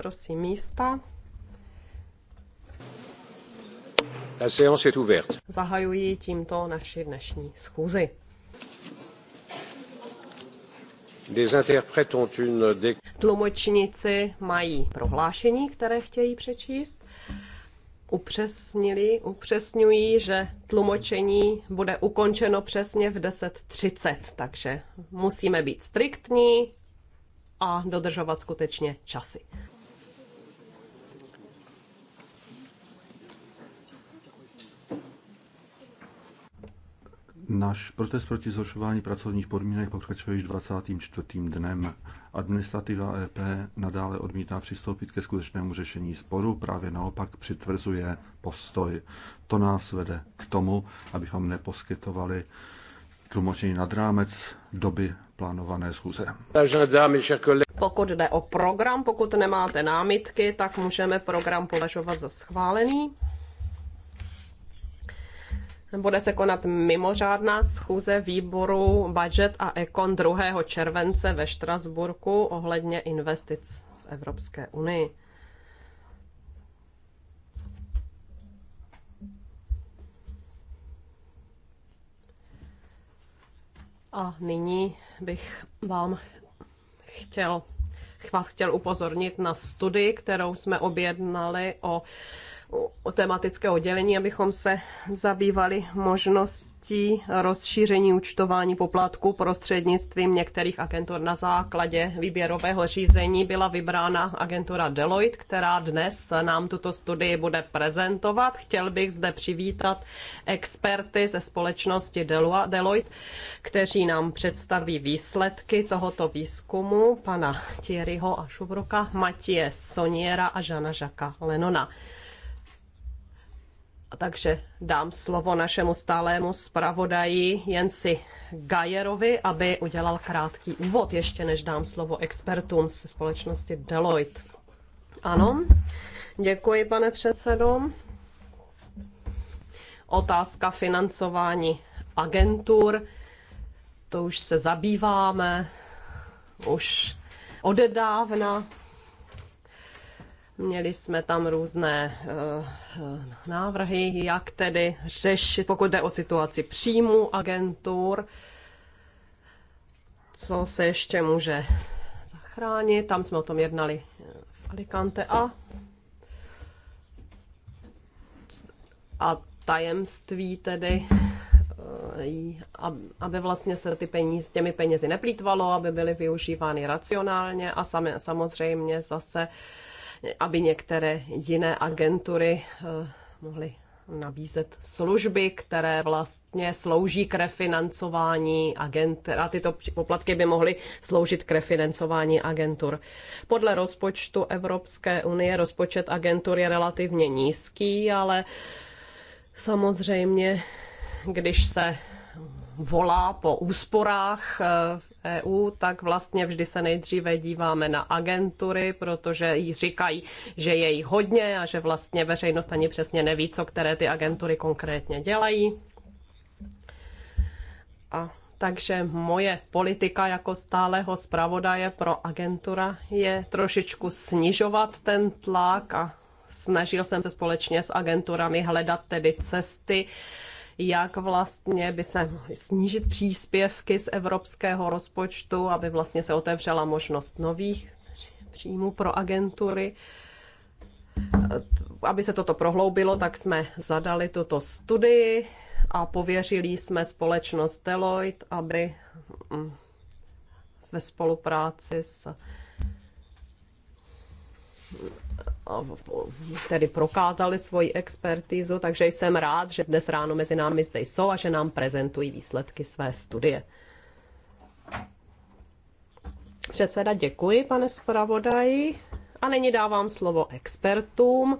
Prosím místa. La séance est ouverte. Zahajuji tímto naši dnešní schůzi. Les interprètes ont une... Tlumočníci mají prohlášení, které chtějí přečíst. Upřesnili, upřesňují, že tlumočení bude ukončeno přesně v 10.30, takže musíme být striktní a dodržovat skutečně časy. Náš protest proti zhoršování pracovních podmínek pokračuje již 24. dnem. Administrativa EP nadále odmítá přistoupit ke skutečnému řešení sporu, právě naopak přitvrzuje postoj. To nás vede k tomu, abychom neposkytovali tlumočení nad rámec doby plánované schůze. Pokud jde o program, pokud nemáte námitky, tak můžeme program považovat za schválený. Bude se konat mimořádná schůze výboru budget a ekon 2. července ve Štrasburku ohledně investic v Evropské unii. A nyní bych vám chtěl, vás chtěl upozornit na studii, kterou jsme objednali o o tematické oddělení, abychom se zabývali možností rozšíření účtování poplatku prostřednictvím některých agentur na základě výběrového řízení. Byla vybrána agentura Deloitte, která dnes nám tuto studii bude prezentovat. Chtěl bych zde přivítat experty ze společnosti Deloitte, kteří nám představí výsledky tohoto výzkumu pana Thierryho a Šubroka, Matěje Soniera a Žana Žaka Lenona. Takže dám slovo našemu stálému zpravodaji Jensi Gajerovi, aby udělal krátký úvod, ještě než dám slovo expertům ze společnosti Deloitte. Ano, děkuji, pane předsedo. Otázka financování agentur, to už se zabýváme, už odedávna Měli jsme tam různé eh, návrhy, jak tedy řešit, pokud jde o situaci příjmu agentur, co se ještě může zachránit. Tam jsme o tom jednali v Alicante a, a tajemství tedy eh, aby vlastně se ty peníze, těmi penězi neplýtvalo, aby byly využívány racionálně a sami, samozřejmě zase aby některé jiné agentury eh, mohly nabízet služby, které vlastně slouží k refinancování agentur. A tyto poplatky by mohly sloužit k refinancování agentur. Podle rozpočtu Evropské unie rozpočet agentur je relativně nízký, ale samozřejmě, když se volá po úsporách eh, EU, tak vlastně vždy se nejdříve díváme na agentury, protože jí říkají, že je jí hodně a že vlastně veřejnost ani přesně neví, co které ty agentury konkrétně dělají. A takže moje politika jako stáleho zpravodaje pro agentura je trošičku snižovat ten tlak a snažil jsem se společně s agenturami hledat tedy cesty, jak vlastně by se mohly snížit příspěvky z evropského rozpočtu, aby vlastně se otevřela možnost nových příjmů pro agentury. Aby se toto prohloubilo, tak jsme zadali tuto studii a pověřili jsme společnost Deloitte, aby mm, ve spolupráci s tedy prokázali svoji expertizu, takže jsem rád, že dnes ráno mezi námi zde jsou a že nám prezentují výsledky své studie. Předseda, děkuji, pane zpravodaji. A nyní dávám slovo expertům,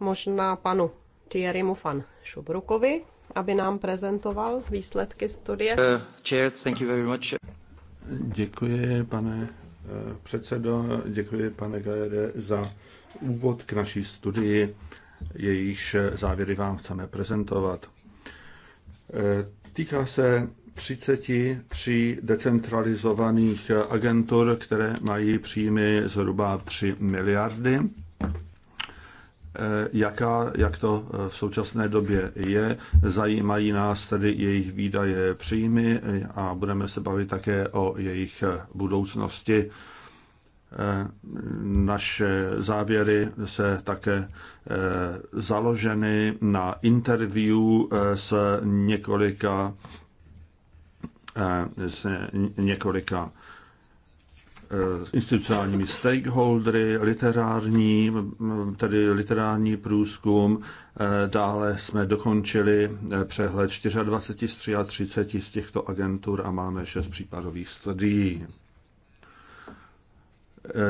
možná panu Thierrymu van Šubrukovi, aby nám prezentoval výsledky studie. Uh, chair, thank you very much. Děkuji, pane eh, předsedo, děkuji, pane Gajere, za úvod k naší studii, jejíž závěry vám chceme prezentovat. E, týká se 33 decentralizovaných agentur, které mají příjmy zhruba 3 miliardy. E, jaká, jak to v současné době je, zajímají nás tedy jejich výdaje, příjmy a budeme se bavit také o jejich budoucnosti Eh, naše závěry se také eh, založeny na interview eh, s několika, s několika institucionálními stakeholdery, literární, tedy literární průzkum. Dále jsme dokončili přehled 24 z 33 z těchto agentur a máme 6 případových studií.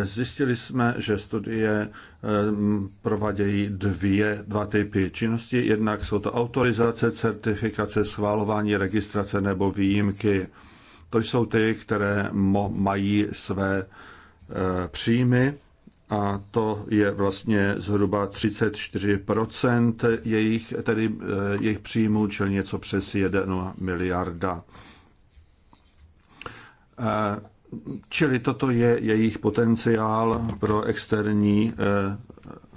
Zjistili jsme, že studie eh, provádějí dvě, dva typy činnosti. Jednak jsou to autorizace, certifikace, schválování, registrace nebo výjimky. To jsou ty, které mají své eh, příjmy a to je vlastně zhruba 34% jejich, tedy eh, jejich příjmů, čili něco přes 1 miliarda. Čili toto je jejich potenciál pro externí eh,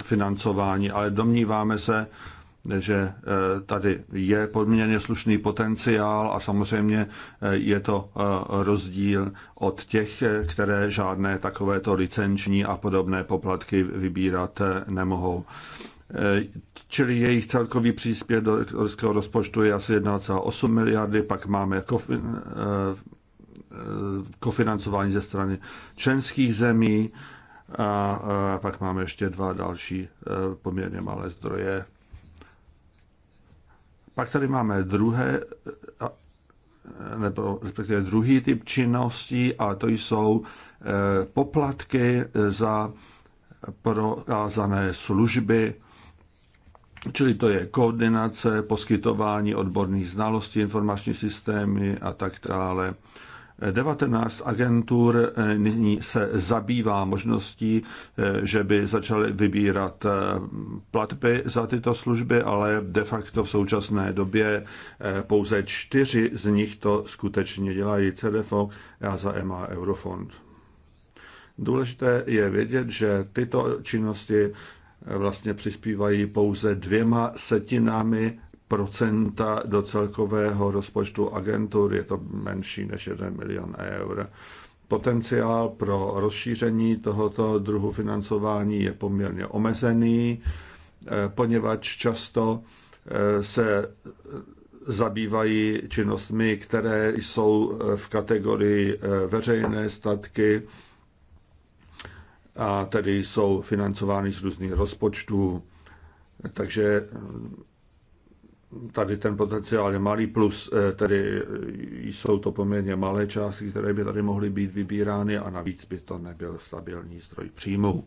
financování, ale domníváme se, že eh, tady je podměrně slušný potenciál a samozřejmě eh, je to rozdíl od těch, které žádné takovéto licenční a podobné poplatky vybírat nemohou. Čili jejich celkový příspěch do rozpočtu je asi 1,8 miliardy, pak máme jako Eh, kofinancování ze strany členských zemí a eh, pak máme ještě dva další eh, poměrně malé zdroje. Pak tady máme druhé, nebo respektive druhý typ činností a to jsou poplatky za prokázané služby, čili to je koordinace, poskytování odborných znalostí, informační systémy a tak dále. 19 agentur eh, nyní se zabývá možností, eh, že by začaly vybírat eh, platby za tyto služby, ale de facto v současné době pouze čtyři z nich to skutečně dělají CDFO, za EMA, Eurofond. Důležité je vědět, že tyto činnosti vlastně přispívají pouze dvěma setinami procenta do celkového rozpočtu agentur, je to menší než 1 milion eur. Potenciál pro rozšíření tohoto druhu financování je poměrně omezený, eh, poněvadž často eh, se zabývají činnostmi, které jsou eh, v kategorii veřejné statky a tedy jsou financovány z různých rozpočtů. Takže tady ten potenciál je malý, plus eh, tedy eh, jsou to poměrně malé částky, které by tady mohly být vybírány a navíc by to nebyl stabilní zdroj příjmů.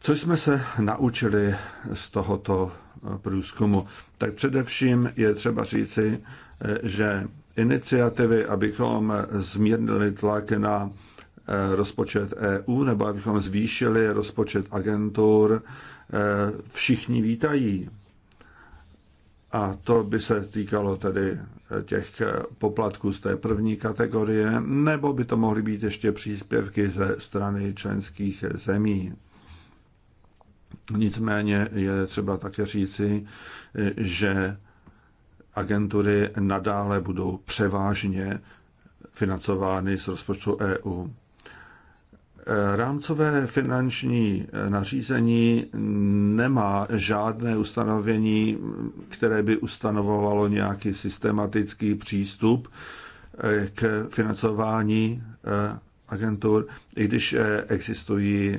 Co jsme se naučili z tohoto eh, průzkumu? Tak především je třeba říci, že iniciativy, abychom zmírnili tlak na rozpočet EU nebo abychom zvýšili rozpočet agentur, všichni vítají. A to by se týkalo tedy těch poplatků z té první kategorie, nebo by to mohly být ještě příspěvky ze strany členských zemí. Nicméně je třeba také říci, že agentury nadále budou převážně financovány z rozpočtu EU. Rámcové finanční eh, nařízení nemá žádné ustanovení, které by ustanovovalo nějaký systematický přístup eh, k financování eh, agentur, i když existují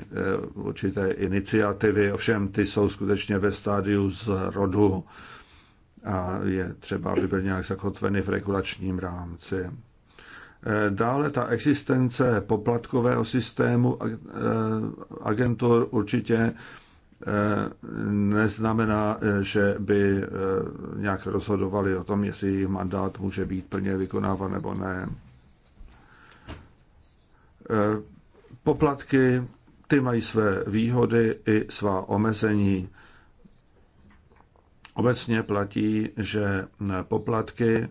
určité iniciativy, ovšem ty jsou skutečně ve stádiu z rodu a je třeba, aby byly nějak zakotveny v regulačním rámci. Dále ta existence poplatkového systému eh, agentur určitě eh, neznamená, eh, že by nějak rozhodovali o tom, jestli jejich mandát může být plně vykonáván nebo ne. Poplatky, ty mají své výhody i svá omezení. Obecně platí, že poplatky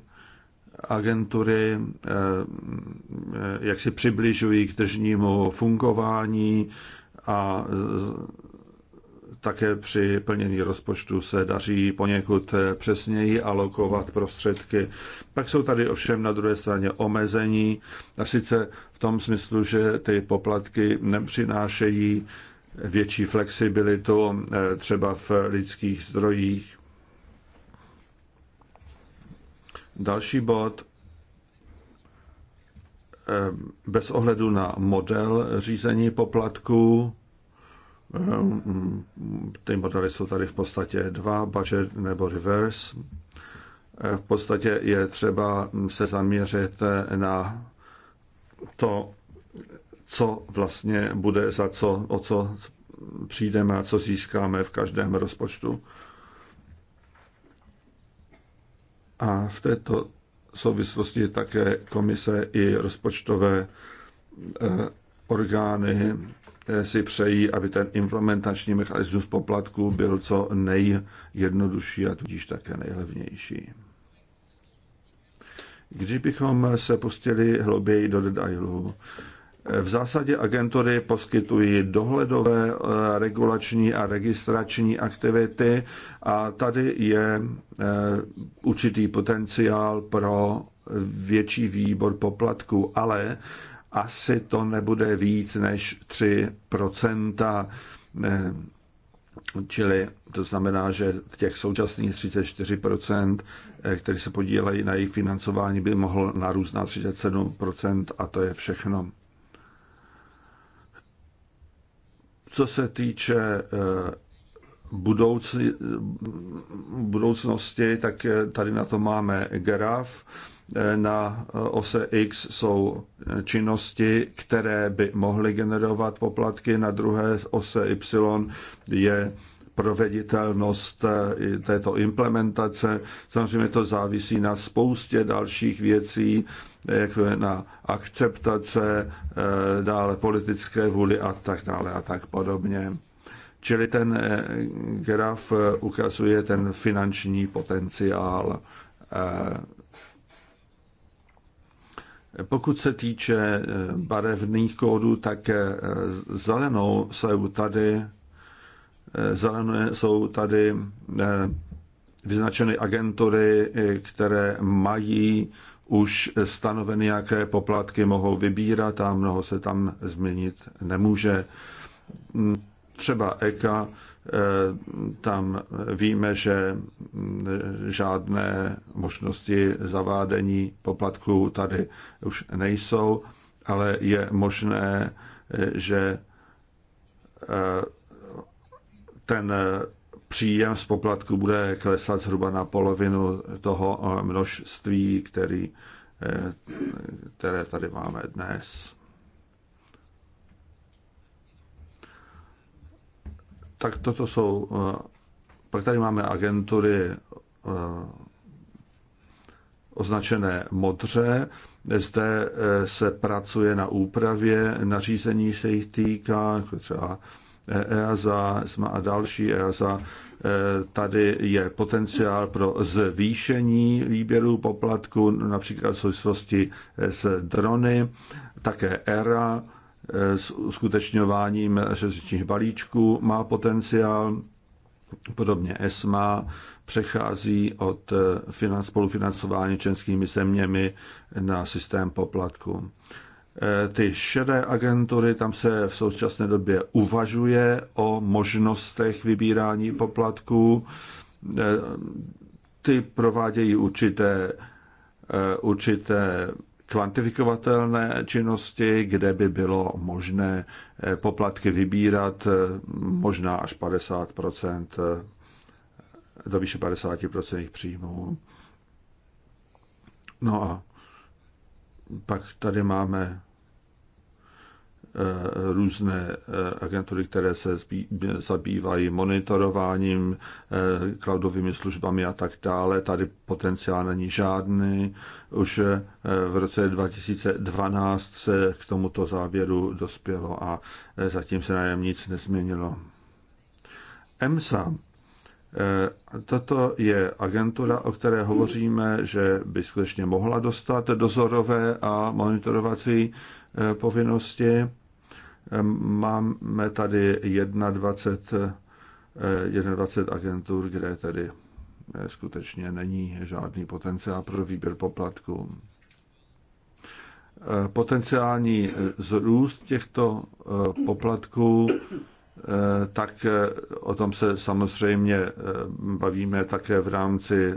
agentury eh, eh, jak si přibližují k tržnímu fungování a eh, také při plnění rozpočtu se daří poněkud přesněji alokovat prostředky. Pak jsou tady ovšem na druhé straně omezení, a sice v tom smyslu, že ty poplatky nepřinášejí větší flexibilitu třeba v lidských zdrojích Další bod ehm, bez ohledu na model řízení poplatků. Ehm, ty modely jsou tady v podstatě dva, budget nebo reverse. Ehm, v podstatě je třeba se zaměřit eh, na to, co vlastně bude za co, o co přijdeme a co získáme v každém rozpočtu. A v této souvislosti také komise i rozpočtové eh, orgány si přejí, aby ten implementační mechanismus poplatků byl co nejjednodušší a tudíž také nejlevnější. Když bychom se pustili hlouběji do detailů, v zásadě agentury poskytují dohledové, eh, regulační a registrační aktivity a tady je eh, určitý potenciál pro větší výbor poplatků, ale asi to nebude víc než 3 eh, Čili to znamená, že těch současných 34%, které se podílejí na jejich financování, by mohlo narůst na 37% a to je všechno. Co se týče eh, budoucí, budoucnosti, tak eh, tady na to máme graf. Eh, na ose X jsou činnosti, které by mohly generovat poplatky, na druhé ose Y je proveditelnost této implementace. Samozřejmě to závisí na spoustě dalších věcí, jak na akceptace, eh, dále politické vůli a tak dále a tak podobně. Čili ten eh, graf eh, ukazuje ten finanční potenciál. Pokud se týče barevných kódů, tak zelenou jsou tady, zelené jsou tady vyznačeny agentury, které mají už stanoveny, jaké poplatky mohou vybírat a mnoho se tam změnit nemůže. Třeba EKA, eh, tam víme, že mm, žádné možnosti zavádení poplatků tady už nejsou, ale je možné, eh, že eh, ten příjem z poplatku bude klesat zhruba na polovinu toho eh, množství, který, eh, které tady máme dnes. Tak toto jsou, eh, pak tady máme agentury označené modře. Zde se pracuje na úpravě nařízení, se jich týká, jako třeba EASA, e SMA a další EASA, e, tady je potenciál pro zvýšení výběru poplatku, například v souvislosti s drony, také ERA e, s uskutečňováním železničních balíčků má potenciál, podobně ESMA přechází od spolufinancování členskými zeměmi na systém poplatku. Eh, ty šedé agentury, tam se v současné době uvažuje o možnostech vybírání poplatků. Eh, ty provádějí určité, eh, určité kvantifikovatelné činnosti, kde by bylo možné poplatky vybírat možná až 50 do výše 50 příjmů. No a pak tady máme Eh, různé eh, agentury, které se zabývají monitorováním, eh, cloudovými službami a tak dále. Tady potenciál není žádný. Už v roce 2012 se k tomuto závěru dospělo a zatím se najem nic nezměnilo. EMSA. Toto je agentura, o které hovoříme, že by skutečně mohla dostat dozorové a monitorovací povinnosti. Máme tady 21, 21 eh, agentur, kde tedy eh, skutečně není žádný potenciál pro výběr poplatků. Eh, potenciální zrůst těchto poplatků, tak o tom se samozřejmě bavíme také v rámci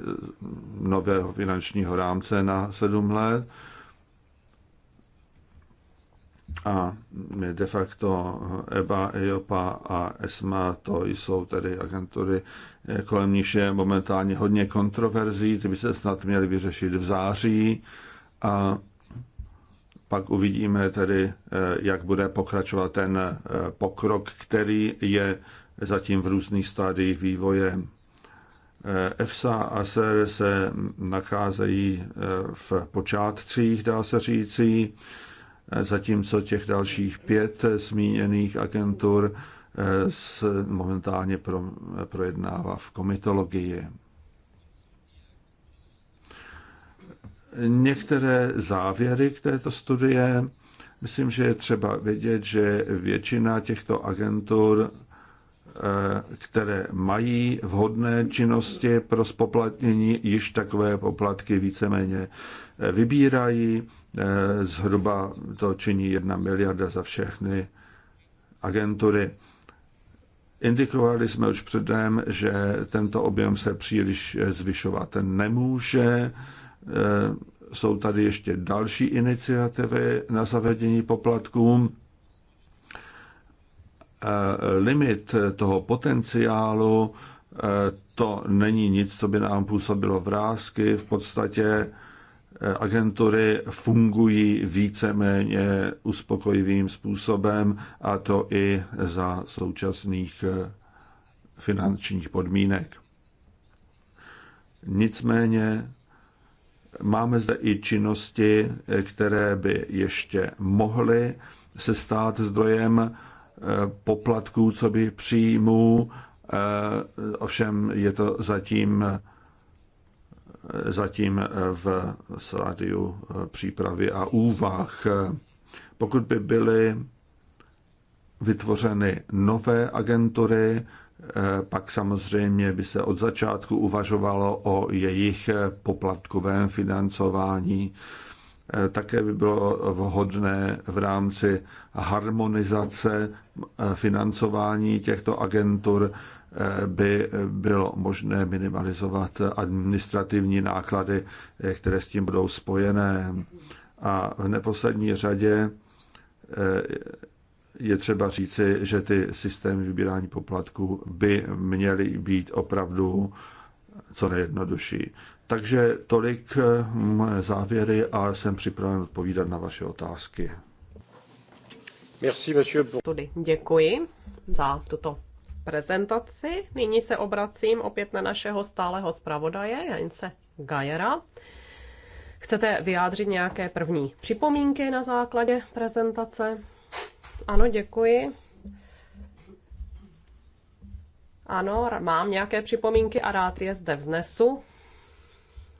nového finančního rámce na 7 let a de facto EBA, EIOPA a ESMA, e to jsou tedy agentury, kolem níž je momentálně hodně kontroverzí, ty by se snad měly vyřešit v září a pak uvidíme tedy, e, jak bude pokračovat ten e, pokrok, který je zatím v různých stádiích vývoje. EFSA a SER se nacházejí v počátcích, dá se říci zatímco těch dalších pět zmíněných agentur eh, se momentálně projednává v komitologii. Některé závěry k této studie. Myslím, že je třeba vědět, že většina těchto agentur Eh, které mají vhodné činnosti pro spoplatnění, již takové poplatky víceméně eh, vybírají. Eh, zhruba to činí jedna miliarda za všechny agentury. Indikovali jsme už předem, že tento objem se příliš zvyšovat nemůže. Jsou tady ještě další iniciativy na zavedení poplatkům Eh, limit toho potenciálu, eh, to není nic, co by nám působilo vrázky. V podstatě eh, agentury fungují víceméně uspokojivým způsobem a to i za současných finančních podmínek. Nicméně máme zde i činnosti, které by ještě mohly se stát zdrojem poplatků, co by příjmů. Eh, ovšem je to zatím, zatím v stádiu eh, přípravy a úvah. Pokud by byly vytvořeny nové agentury, eh, pak samozřejmě by se od začátku uvažovalo o jejich poplatkovém financování. Eh, také by bylo vhodné v rámci harmonizace eh, financování těchto agentur eh, by bylo možné minimalizovat administrativní náklady, které s tím budou spojené. A v neposlední řadě je třeba říci, že ty systémy vybírání poplatků by měly být opravdu co nejjednodušší. Takže tolik eh, moje závěry a jsem připraven odpovídat na vaše otázky. Merci, Tudy. Děkuji za tuto prezentaci. Nyní se obracím opět na našeho stáleho zpravodaje Jance Gajera. Chcete vyjádřit nějaké první připomínky na základě prezentace? Ano, děkuji. Ano, mám nějaké připomínky a rád je zde vznesu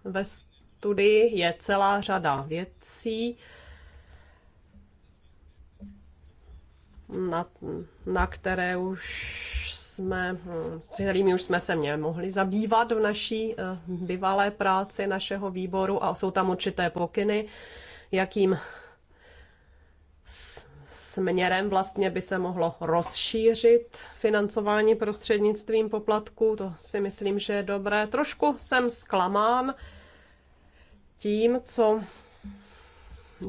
ve studii je celá řada věcí, na, na které už jsme, s kterými už jsme se mě mohli zabývat v naší eh, bývalé práci našeho výboru a jsou tam určité pokyny, jakým směrem vlastně by se mohlo rozšířit financování prostřednictvím poplatků. To si myslím, že je dobré. Trošku jsem zklamán, tím, co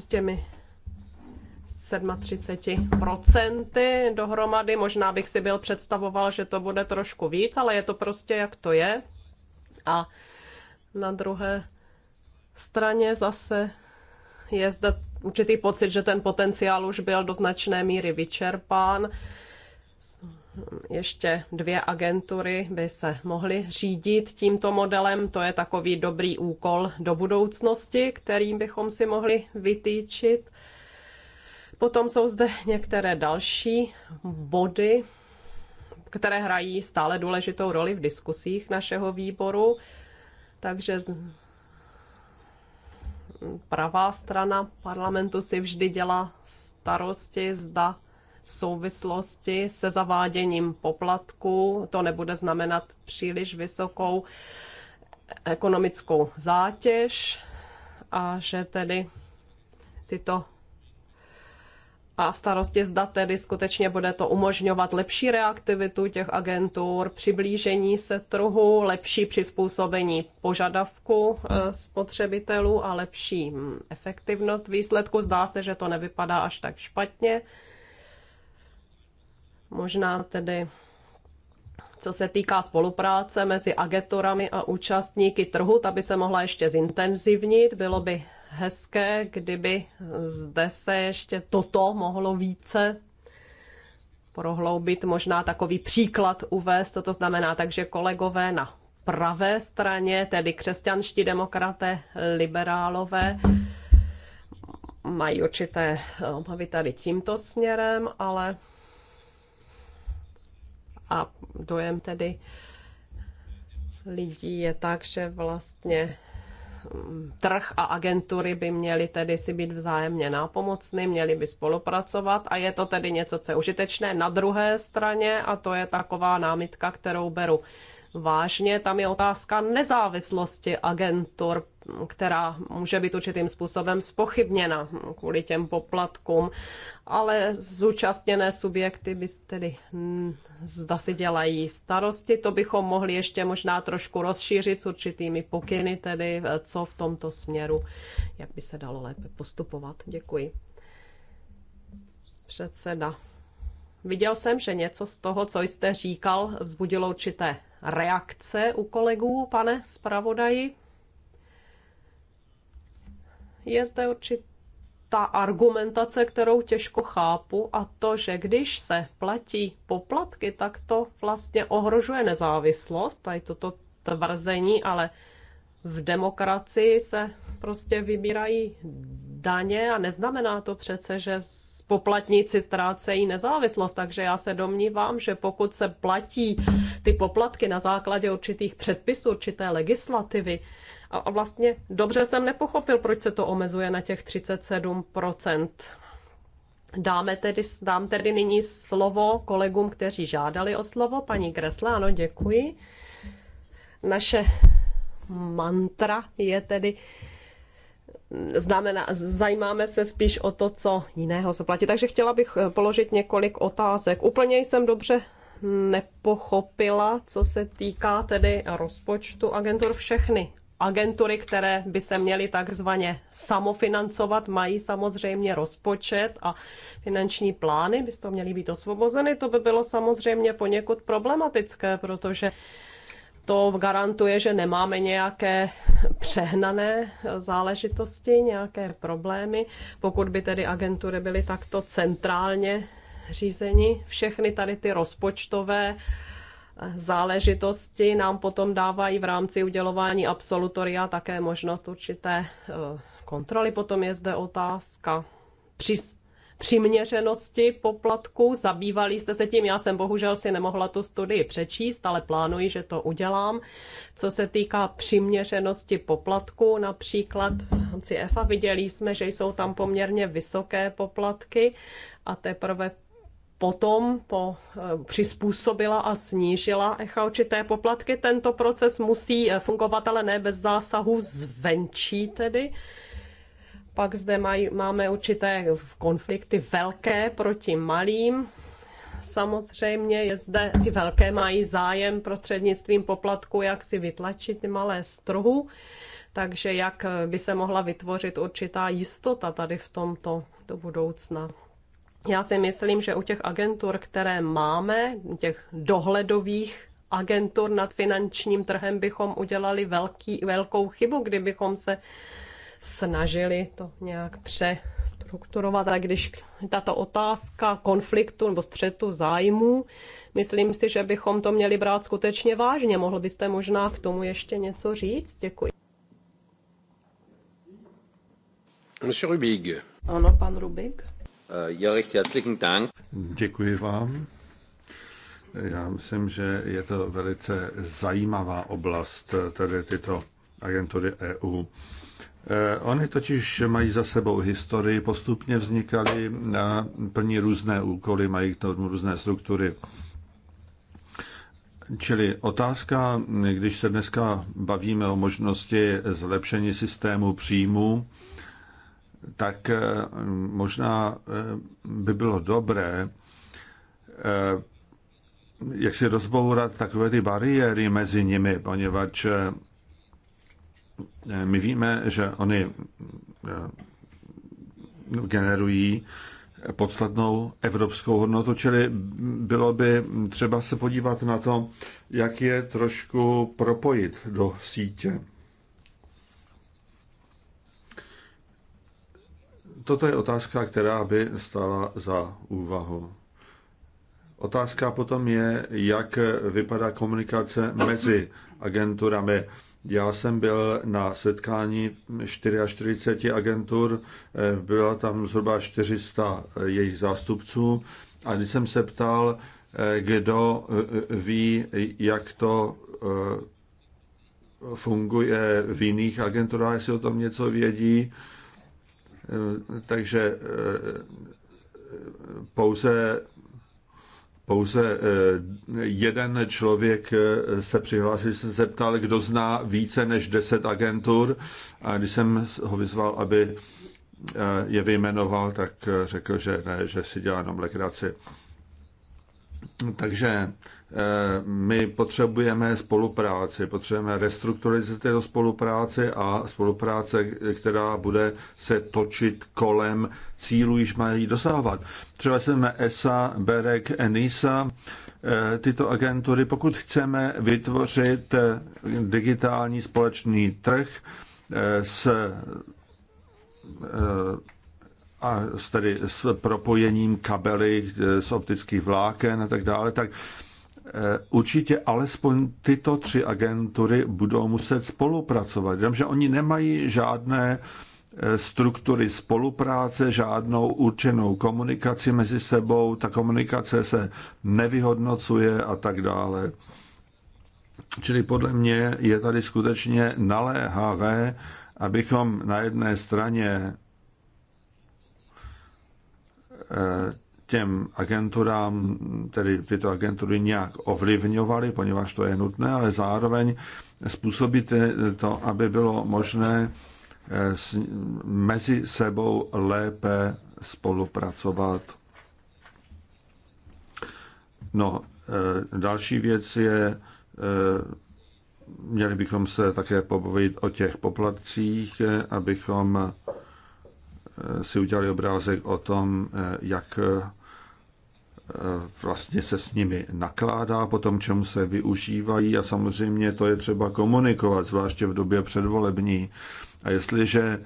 těmi 37% dohromady. Možná bych si byl představoval, že to bude trošku víc, ale je to prostě jak to je. A na druhé straně zase je zde určitý pocit, že ten potenciál už byl do značné míry vyčerpán ještě dvě agentury by se mohly řídit tímto modelem. To je takový dobrý úkol do budoucnosti, kterým bychom si mohli vytýčit. Potom jsou zde některé další body, které hrají stále důležitou roli v diskusích našeho výboru. Takže pravá strana parlamentu si vždy dělá starosti, zda v souvislosti se zaváděním poplatku. To nebude znamenat příliš vysokou ekonomickou zátěž a že tedy tyto a starosti zda tedy skutečně bude to umožňovat lepší reaktivitu těch agentur, přiblížení se trhu, lepší přizpůsobení požadavku eh, spotřebitelů a lepší hm, efektivnost výsledku. Zdá se, že to nevypadá až tak špatně. Možná tedy co se týká spolupráce mezi agenturami a účastníky trhu, ta by se mohla ještě zintenzivnit. Bylo by hezké, kdyby zde se ještě toto mohlo více prohloubit, možná takový příklad uvést, co to znamená. Takže kolegové na pravé straně, tedy křesťanští demokraté, liberálové, mají určité obavy tady tímto směrem, ale a dojem tedy lidí je tak, že vlastně mm, trh a agentury by měly tedy si být vzájemně nápomocny, měly by spolupracovat a je to tedy něco, co je užitečné na druhé straně a to je taková námitka, kterou beru vážně. Tam je otázka nezávislosti agentur která může být určitým způsobem spochybněna kvůli těm poplatkům, ale zúčastněné subjekty by tedy zda si dělají starosti, to bychom mohli ještě možná trošku rozšířit s určitými pokyny, tedy eh, co v tomto směru, jak by se dalo lépe postupovat. Děkuji. Předseda. Viděl jsem, že něco z toho, co jste říkal, vzbudilo určité reakce u kolegů, pane zpravodaji je zde určitá argumentace, kterou těžko chápu, a to, že když se platí poplatky, tak to vlastně ohrožuje nezávislost, tady toto tvrzení, ale v demokracii se prostě vybírají daně a neznamená to přece, že poplatníci ztrácejí nezávislost, takže já se domnívám, že pokud se platí ty poplatky na základě určitých předpisů, určité legislativy, a vlastně dobře jsem nepochopil, proč se to omezuje na těch 37 Dáme tedy, dám tedy nyní slovo kolegům, kteří žádali o slovo. Paní Kresla, ano, děkuji. Naše mantra je tedy znamená, zajímáme se spíš o to, co jiného se platí. Takže chtěla bych eh, položit několik otázek. Úplně jsem dobře nepochopila, co se týká tedy rozpočtu agentur všechny Agentury, které by se měly takzvaně samofinancovat, mají samozřejmě rozpočet a finanční plány, by to měly být osvobozeny. To by bylo samozřejmě poněkud problematické, protože to garantuje, že nemáme nějaké přehnané záležitosti, nějaké problémy, pokud by tedy agentury byly takto centrálně řízeni. Všechny tady ty rozpočtové záležitosti nám potom dávají v rámci udělování absolutoria také možnost určité eh, kontroly. Potom je zde otázka při, přiměřenosti poplatku. Zabývali jste se tím, já jsem bohužel si nemohla tu studii přečíst, ale plánuji, že to udělám. Co se týká přiměřenosti poplatku, například v rámci EFA viděli jsme, že jsou tam poměrně vysoké poplatky a teprve potom po, eh, přizpůsobila a snížila echa určité poplatky. Tento proces musí eh, fungovat, ale ne bez zásahu zvenčí tedy. Pak zde maj, máme určité konflikty velké proti malým. Samozřejmě je zde, ty velké mají zájem prostřednictvím poplatku, jak si vytlačit ty malé z trhu. Takže jak eh, by se mohla vytvořit určitá jistota tady v tomto do budoucna. Já si myslím, že u těch agentur, které máme, těch dohledových agentur nad finančním trhem, bychom udělali velký, velkou chybu, kdybychom se snažili to nějak přestrukturovat. A když tato otázka konfliktu nebo střetu zájmů, myslím si, že bychom to měli brát skutečně vážně. Mohl byste možná k tomu ještě něco říct? Děkuji. Monsieur Rubig. Ano, pan Rubik. Eh, Děkuji vám. Já myslím, že je to velice zajímavá oblast, eh, tedy tyto agentury EU. Eh, Oni totiž mají za sebou historii, postupně vznikaly, plní různé úkoly, mají k tomu různé struktury. Čili otázka, když se dneska bavíme o možnosti zlepšení systému příjmu, tak eh, možná eh, by bylo dobré eh, jak si rozbourat takové ty bariéry mezi nimi, poněvadž my víme, že oni generují podstatnou evropskou hodnotu, čili bylo by třeba se podívat na to, jak je trošku propojit do sítě toto je otázka, která by stala za úvahu. Otázka potom je, jak vypadá komunikace mezi agenturami. Já jsem byl na setkání 44 agentur, eh, byla tam zhruba 400 jejich zástupců a když jsem se ptal, eh, kdo eh, ví, jak to funguje v jiných agenturách, jestli o tom něco vědí, Eh, takže eh, pouze, pouze eh, jeden člověk se přihlásil, se zeptal, kdo zná více než 10 agentur a když jsem ho vyzval, aby je vyjmenoval, tak řekl, že ne, že si dělá jenom legraci. Takže Eh, my potřebujeme spolupráci, potřebujeme restrukturalizaci této spolupráce a spolupráce, která bude se točit kolem cílu, již mají dosahovat. Třeba jsme ESA, BEREK, ENISA, eh, tyto agentury, pokud chceme vytvořit eh, digitální společný trh s a tedy s propojením kabely z optických vláken a tak dále, tak Eh, určitě alespoň tyto tři agentury budou muset spolupracovat, jenomže oni nemají žádné eh, struktury spolupráce, žádnou určenou komunikaci mezi sebou, ta komunikace se nevyhodnocuje a tak dále. Čili podle mě je tady skutečně naléhavé, abychom na jedné straně eh, těm agenturám, tedy tyto agentury nějak ovlivňovaly, poněvadž to je nutné, ale zároveň způsobit to, aby bylo možné eh, mezi sebou lépe spolupracovat. No, eh, další věc je, eh, měli bychom se také pobavit o těch poplatcích, abychom si udělali obrázek o tom, jak vlastně se s nimi nakládá, potom čemu se využívají a samozřejmě to je třeba komunikovat, zvláště v době předvolební. A jestliže eh,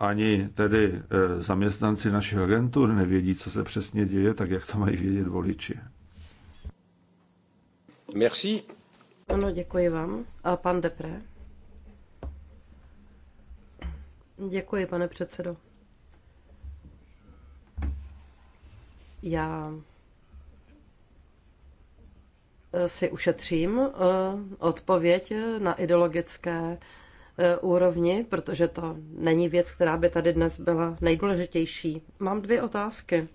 ani tedy eh, zaměstnanci našich agentur nevědí, co se přesně děje, tak jak to mají vědět voliči? Merci. Ano, děkuji vám. A pan Depré? Děkuji, pane předsedo. Já si ušetřím eh, odpověď na ideologické eh, úrovni, protože to není věc, která by tady dnes byla nejdůležitější. Mám dvě otázky.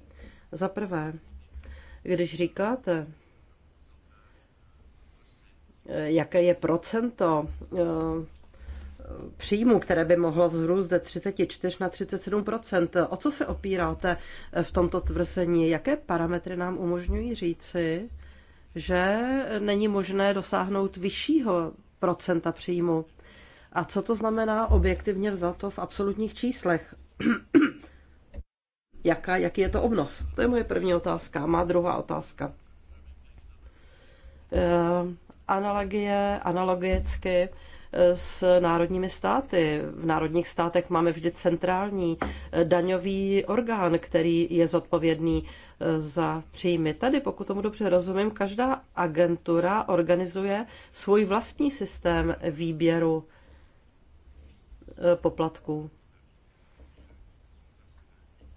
Za prvé, když říkáte, eh, jaké je procento příjmu, které by mohlo zrůst ze 34 na 37 O co se opíráte v tomto tvrzení? Jaké parametry nám umožňují říci, že není možné dosáhnout vyššího procenta příjmu. A co to znamená objektivně vzato v absolutních číslech? Jaká, jaký je to obnos? To je moje první otázka. Má druhá otázka. Eh, analogie, analogicky eh, s národními státy. V národních státech máme vždy centrální eh, daňový orgán, který je zodpovědný za příjmy. Tady, pokud tomu dobře rozumím, každá agentura organizuje svůj vlastní systém výběru eh, poplatků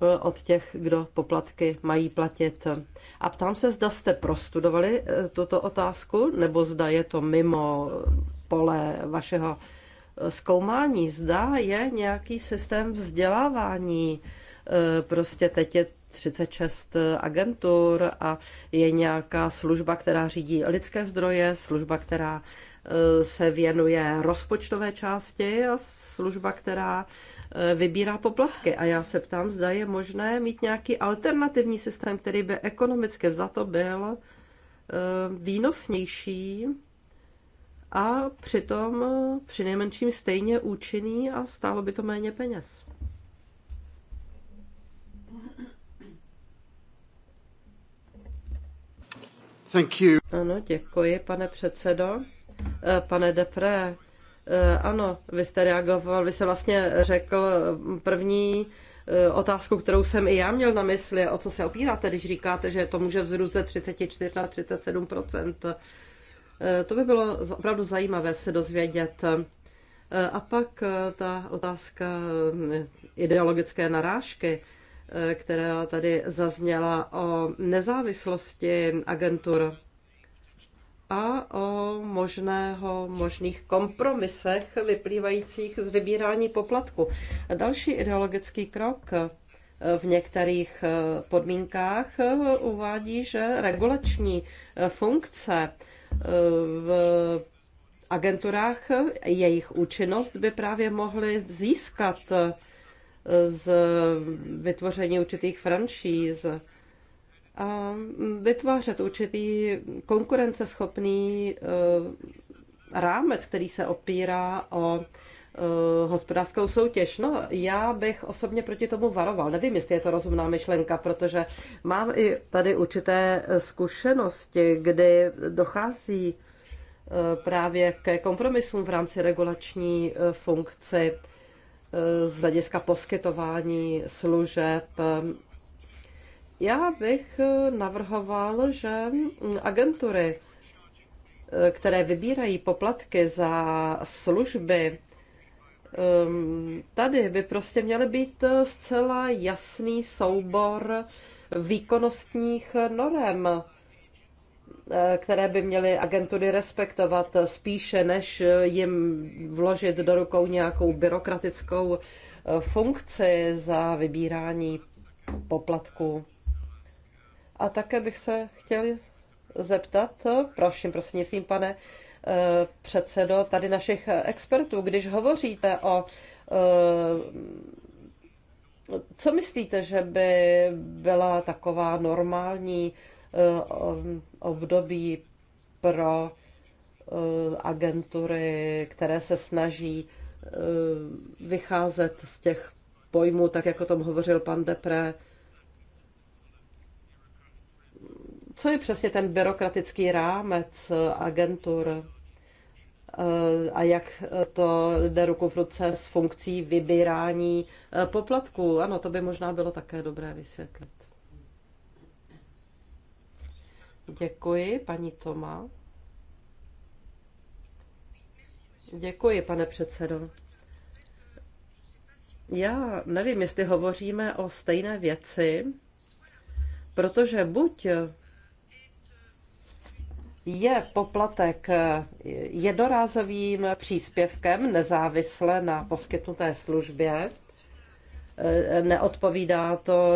eh, od těch, kdo poplatky mají platit. A ptám se, zda jste prostudovali eh, tuto otázku, nebo zda je to mimo pole vašeho zkoumání. Zda je nějaký systém vzdělávání, prostě teď je 36 agentur a je nějaká služba, která řídí lidské zdroje, služba, která eh, se věnuje rozpočtové části a služba, která eh, vybírá poplatky. A já se ptám, zda je možné mít nějaký alternativní systém, který by ekonomicky vzato byl eh, výnosnější a přitom přinejmenším stejně účinný a stálo by to méně peněz. Thank you. Ano, děkuji, pane předsedo. Eh, pane Depré, eh, ano, vy jste reagoval, vy jste vlastně řekl první eh, otázku, kterou jsem i já měl na mysli, o co se opíráte, když říkáte, že to může vzrůst ze 34 na 37 To by bylo opravdu zajímavé se dozvědět. A pak ta otázka hm, ideologické narážky. Eh, která tady zazněla o nezávislosti agentur a o možného, možných kompromisech vyplývajících z vybírání poplatku. Další ideologický krok eh, v některých eh, podmínkách uvádí, že regulační funkce v agenturách, jejich účinnost by právě mohly získat z vytvoření určitých franšíz a vytvářet určitý konkurenceschopný eh, rámec, který se opírá o eh, hospodářskou soutěž. No, já bych osobně proti tomu varoval. Nevím, jestli je to rozumná myšlenka, protože mám i tady určité eh, zkušenosti, kdy dochází právě ke kompromisům v rámci regulační funkci z hlediska poskytování služeb. Já bych navrhoval, že agentury, které vybírají poplatky za služby, um, tady by prostě měly být zcela jasný soubor výkonnostních norem Eh, které by měly agentury respektovat spíše, než jim vložit do rukou nějakou byrokratickou eh, funkci za vybírání poplatků. A také bych se chtěl zeptat, prosím, prostřednictvím pane eh, předsedo, tady našich expertů, když hovoříte o co myslíte, že by byla taková normální Eh, období pro eh, agentury, které se snaží eh, vycházet z těch pojmů, tak jako o tom hovořil pan Depre. Co je přesně ten byrokratický rámec agentur a jak to jde ruku v ruce s funkcí vybírání poplatků? Ano, to by možná bylo také dobré vysvětlit. Děkuji, paní Toma. Děkuji, pane předsedo. Já nevím, jestli hovoříme o stejné věci, protože buď je poplatek jednorázovým příspěvkem nezávisle na poskytnuté službě, neodpovídá to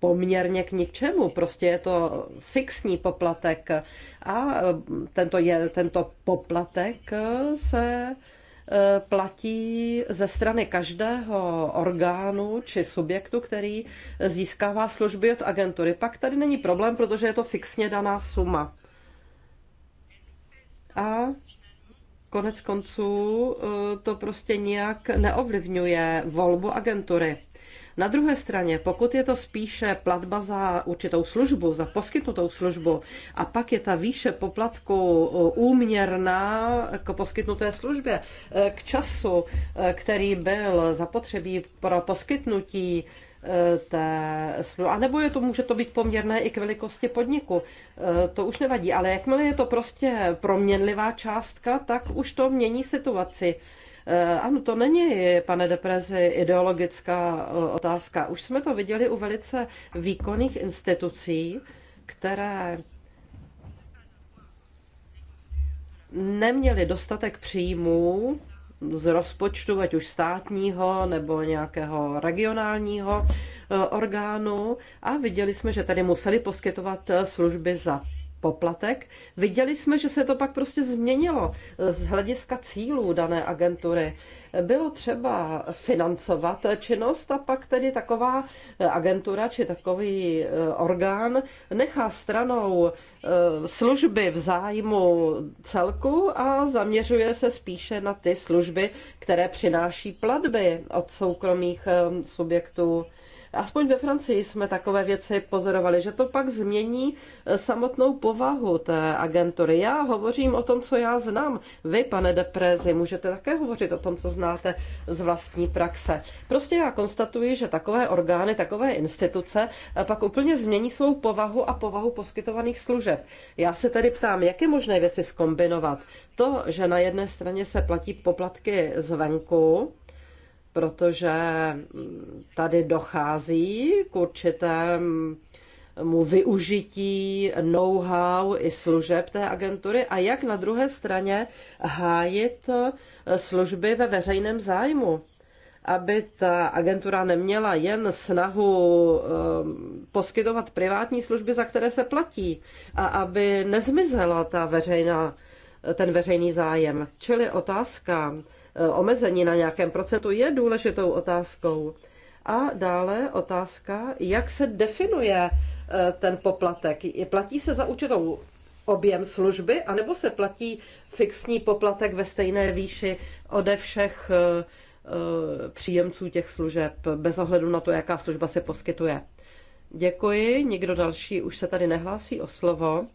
poměrně k ničemu. Prostě je to fixní poplatek a e, tento, je, tento poplatek e, se e, platí ze strany každého orgánu či subjektu, který získává služby od agentury. Pak tady není problém, protože je to fixně daná suma. A konec konců to prostě nijak neovlivňuje volbu agentury. Na druhé straně, pokud je to spíše platba za určitou službu, za poskytnutou službu, a pak je ta výše poplatku e, úměrná k poskytnuté službě, e, k času, e, který byl zapotřebí pro poskytnutí té služby, a nebo je to, může to být poměrné i k velikosti podniku, to už nevadí, ale jakmile je to prostě proměnlivá částka, tak už to mění situaci Eh, ano, to není, pane Deprezi, ideologická eh, otázka. Už jsme to viděli u velice výkonných institucí, které neměli dostatek příjmů z rozpočtu, ať už státního nebo nějakého regionálního eh, orgánu a viděli jsme, že tady museli poskytovat služby za poplatek. Viděli jsme, že se to pak prostě změnilo eh, z hlediska cílů dané agentury. Bylo třeba financovat činnost a pak tedy taková eh, agentura či takový eh, orgán nechá stranou služby v zájmu celku a zaměřuje se spíše na ty služby, které přináší platby od soukromých subjektů Aspoň ve Francii jsme takové věci pozorovali, že to pak změní e, samotnou povahu té agentury. Já hovořím o tom, co já znám. Vy, pane Deprezi, můžete také hovořit o tom, co znáte z vlastní praxe. Prostě já konstatuji, že takové orgány, takové instituce e, pak úplně změní svou povahu a povahu poskytovaných služeb. Já se tedy ptám, jak je možné věci skombinovat? To, že na jedné straně se platí poplatky zvenku, protože tady dochází k určitému využití know-how i služeb té agentury a jak na druhé straně hájit služby ve veřejném zájmu aby ta agentura neměla jen snahu ehm, poskytovat privátní služby, za které se platí, a aby nezmizela ta veřejná, ten veřejný zájem. Čili otázka Eh, omezení na nějakém procentu je důležitou otázkou. A dále otázka, jak se definuje eh, ten poplatek. Platí se za určitou objem služby, anebo se platí fixní poplatek ve stejné výši ode všech eh, příjemců těch služeb, bez ohledu na to, jaká služba se poskytuje. Děkuji. Nikdo další už se tady nehlásí o slovo.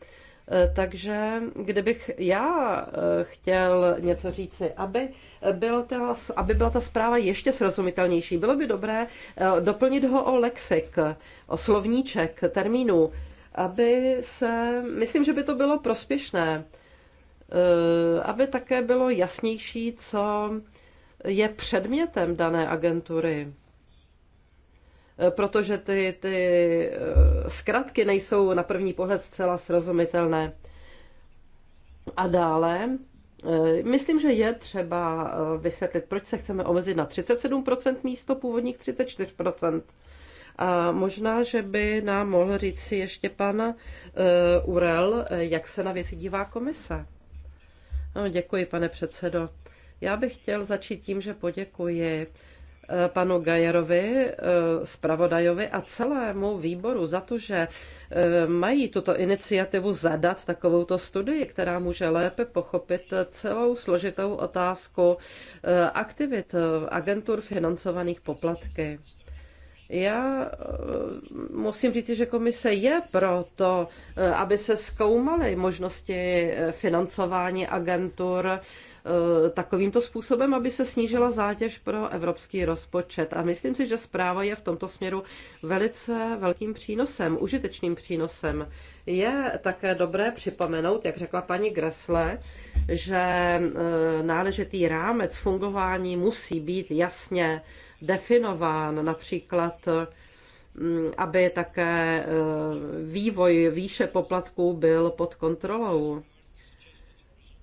Eh, takže kdybych já eh, chtěl něco říci, aby, byl ta, aby byla ta zpráva ještě srozumitelnější, bylo by dobré eh, doplnit ho o lexik, o slovníček termínů, aby se, myslím, že by to bylo prospěšné, aby také bylo jasnější, co je předmětem dané agentury. Eh, protože ty, ty eh, zkratky nejsou na první pohled zcela srozumitelné. A dále, eh, myslím, že je třeba vysvětlit, proč se chceme omezit na 37% místo původních 34%. A možná, že by nám mohl říct si ještě pan uh, Urel, jak se na věci dívá komise. No, děkuji, pane předsedo. Já bych chtěl začít tím, že poděkuji Eh, panu Gajerovi, eh, zpravodajovi a celému výboru za to, že eh, mají tuto iniciativu zadat takovouto studii, která může lépe pochopit celou složitou otázku aktivit agentur financovaných poplatky. Já musím říct, že komise je pro to, aby se zkoumaly možnosti financování agentur Eh, takovýmto způsobem, aby se snížila zátěž pro evropský rozpočet. A myslím si, že zpráva je v tomto směru velice velkým přínosem, užitečným přínosem. Je také dobré připomenout, jak řekla paní Gresle, že eh, náležitý rámec fungování musí být jasně definován, například mm, aby také eh, vývoj výše poplatků byl pod kontrolou.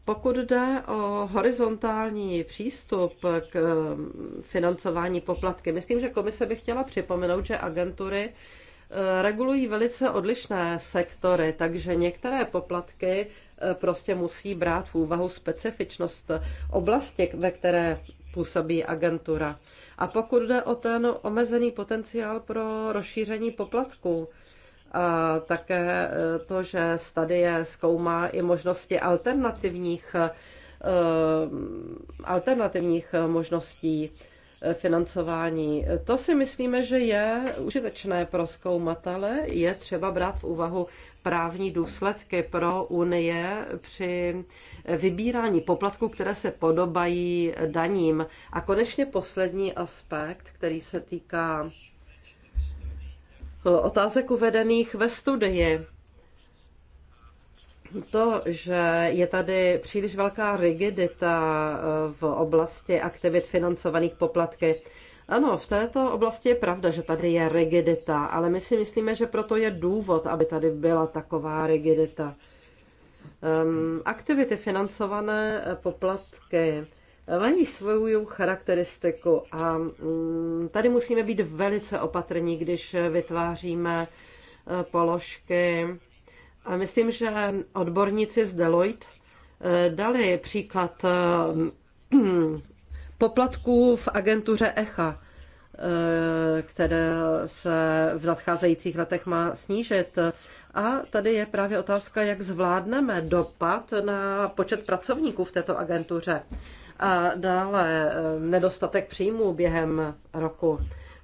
Pokud jde o horizontální přístup k um, financování poplatky, myslím, že komise by chtěla připomenout, že agentury uh, regulují velice odlišné sektory, takže některé poplatky uh, prostě musí brát v úvahu specifičnost oblasti, ve které působí agentura. A pokud jde o ten omezený potenciál pro rozšíření poplatků, a také e, to, že studie zkoumá i možnosti alternativních, e, alternativních možností e, financování. To si myslíme, že je užitečné pro zkoumatele. Je třeba brát v úvahu právní důsledky pro Unie při vybírání poplatků, které se podobají daním. A konečně poslední aspekt, který se týká Eh, otázek uvedených ve studii. To, že je tady příliš velká rigidita eh, v oblasti aktivit financovaných poplatky. Ano, v této oblasti je pravda, že tady je rigidita, ale my si myslíme, že proto je důvod, aby tady byla taková rigidita. Um, aktivity financované eh, poplatky mají svojují charakteristiku a mm, tady musíme být velice opatrní, když vytváříme e, položky. A myslím, že odborníci z Deloitte e, dali příklad e, poplatků v agentuře ECHA, které se v nadcházejících letech má snížit. A tady je právě otázka, jak zvládneme dopad na počet pracovníků v této agentuře a dále eh, nedostatek příjmů během roku.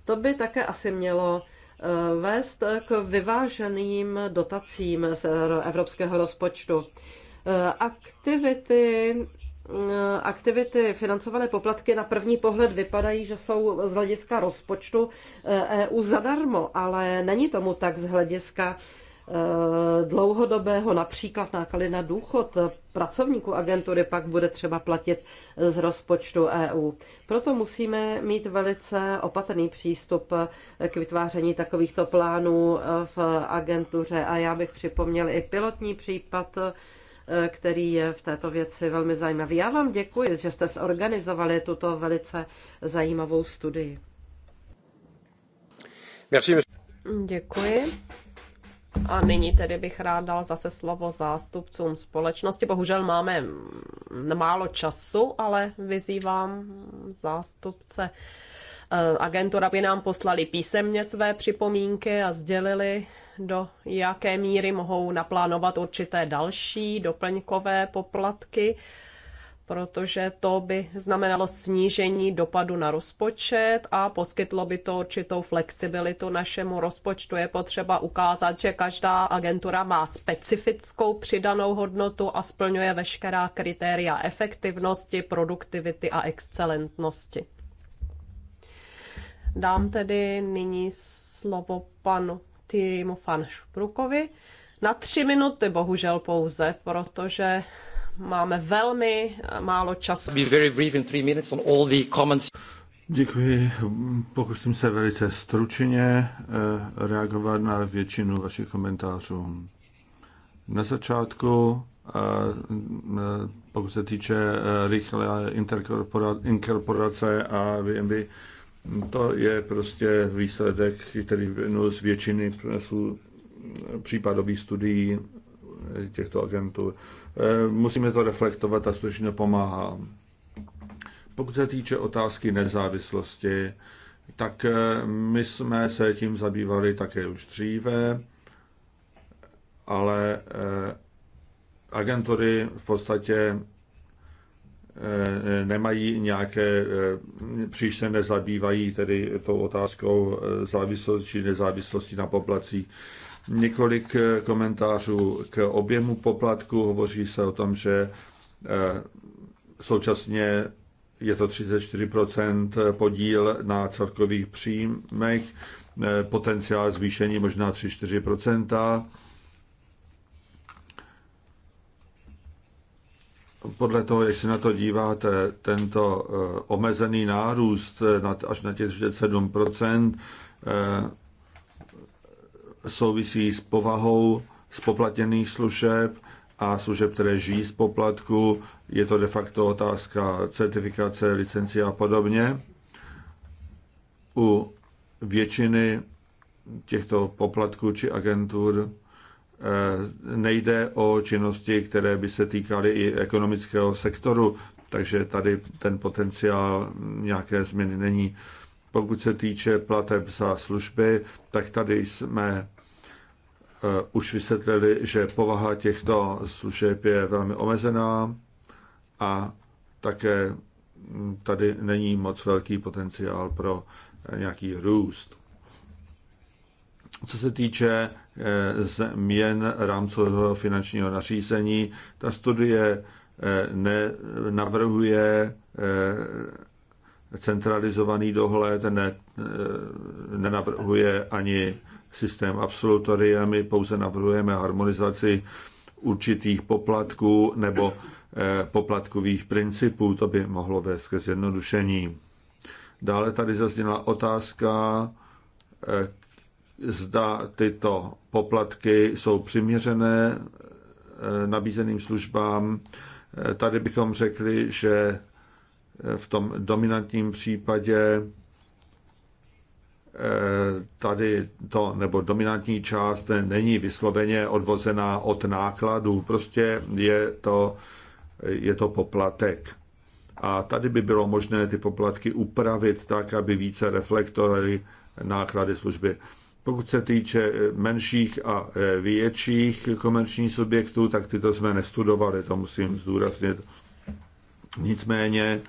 To by také asi mělo eh, vést k vyváženým dotacím z evropského rozpočtu. Eh, aktivity aktivity financované poplatky na první pohled vypadají, že jsou z hlediska rozpočtu EU e zadarmo, ale není tomu tak z hlediska Eh, dlouhodobého, například náklady na důchod pracovníků agentury pak bude třeba platit z rozpočtu EU. Proto musíme mít velice opatrný přístup eh, k vytváření takovýchto plánů eh, v agentuře a já bych připomněl i pilotní případ který je v této věci velmi zajímavý. Já vám děkuji, že jste zorganizovali tuto velice zajímavou studii. Děkuji. A nyní tedy bych rád dal zase slovo zástupcům společnosti. Bohužel máme málo času, ale vyzývám zástupce eh, agentura, aby nám poslali písemně své připomínky a sdělili, do jaké míry mohou naplánovat určité další doplňkové poplatky protože to by znamenalo snížení dopadu na rozpočet a poskytlo by to určitou flexibilitu našemu rozpočtu. Je potřeba ukázat, že každá agentura má specifickou přidanou hodnotu a splňuje veškerá kritéria efektivnosti, produktivity a excelentnosti. Dám tedy nyní slovo panu Týmu Fanšprukovi. Na tři minuty bohužel pouze, protože Máme velmi eh, málo času. Be very brief in three minutes on all the comments. Děkuji. Pokusím se velice stručně eh, reagovat na většinu vašich komentářů. Na začátku, eh, pokud se týče rychlé inkorporace a VMB, to je prostě výsledek, který vyvinul z většiny případových studií těchto agentů. Eh, musíme to reflektovat a slušně pomáhá. Pokud se týče otázky nezávislosti, tak eh, my jsme se tím zabývali také už dříve, ale eh, agentury v podstatě nemají nějaké, příště se nezabývají tedy tou otázkou závislosti či nezávislosti na poplacích. Několik eh, komentářů k objemu poplatku. Hovoří se o tom, že eh, současně je to 34 podíl na celkových příjmech, eh, potenciál zvýšení možná 3-4 podle toho, jak se na to díváte, tento omezený nárůst až na těch 37 souvisí s povahou spoplatněných služeb a služeb, které žijí z poplatku. Je to de facto otázka certifikace, licenci a podobně. U většiny těchto poplatků či agentur eh, nejde o činnosti, které by se týkaly i ekonomického sektoru, takže tady ten potenciál nějaké změny není. Pokud se týče plateb za služby, tak tady jsme Eh, už vysvětlili, že povaha těchto služeb je velmi omezená a také hm, tady není moc velký potenciál pro eh, nějaký růst. Co se týče eh, změn rámcového finančního nařízení, ta studie nenavrhuje centralizovaný dohled, ne, eh, nenavrhuje ani systém absolutoria, my pouze navrhujeme harmonizaci určitých poplatků nebo eh, poplatkových principů, to by mohlo vést ke zjednodušení. Dále tady zazněla otázka, eh, zda tyto poplatky jsou přiměřené nabízeným službám. Tady bychom řekli, že Eh, v tom dominantním případě eh, tady to, nebo dominantní část není vysloveně odvozená od nákladů, prostě je to, je to poplatek. A tady by bylo možné ty poplatky upravit tak, aby více reflektovaly náklady služby. Pokud se týče eh, menších a větších komerčních subjektů, tak tyto jsme nestudovali, to musím zdůraznit. Nicméně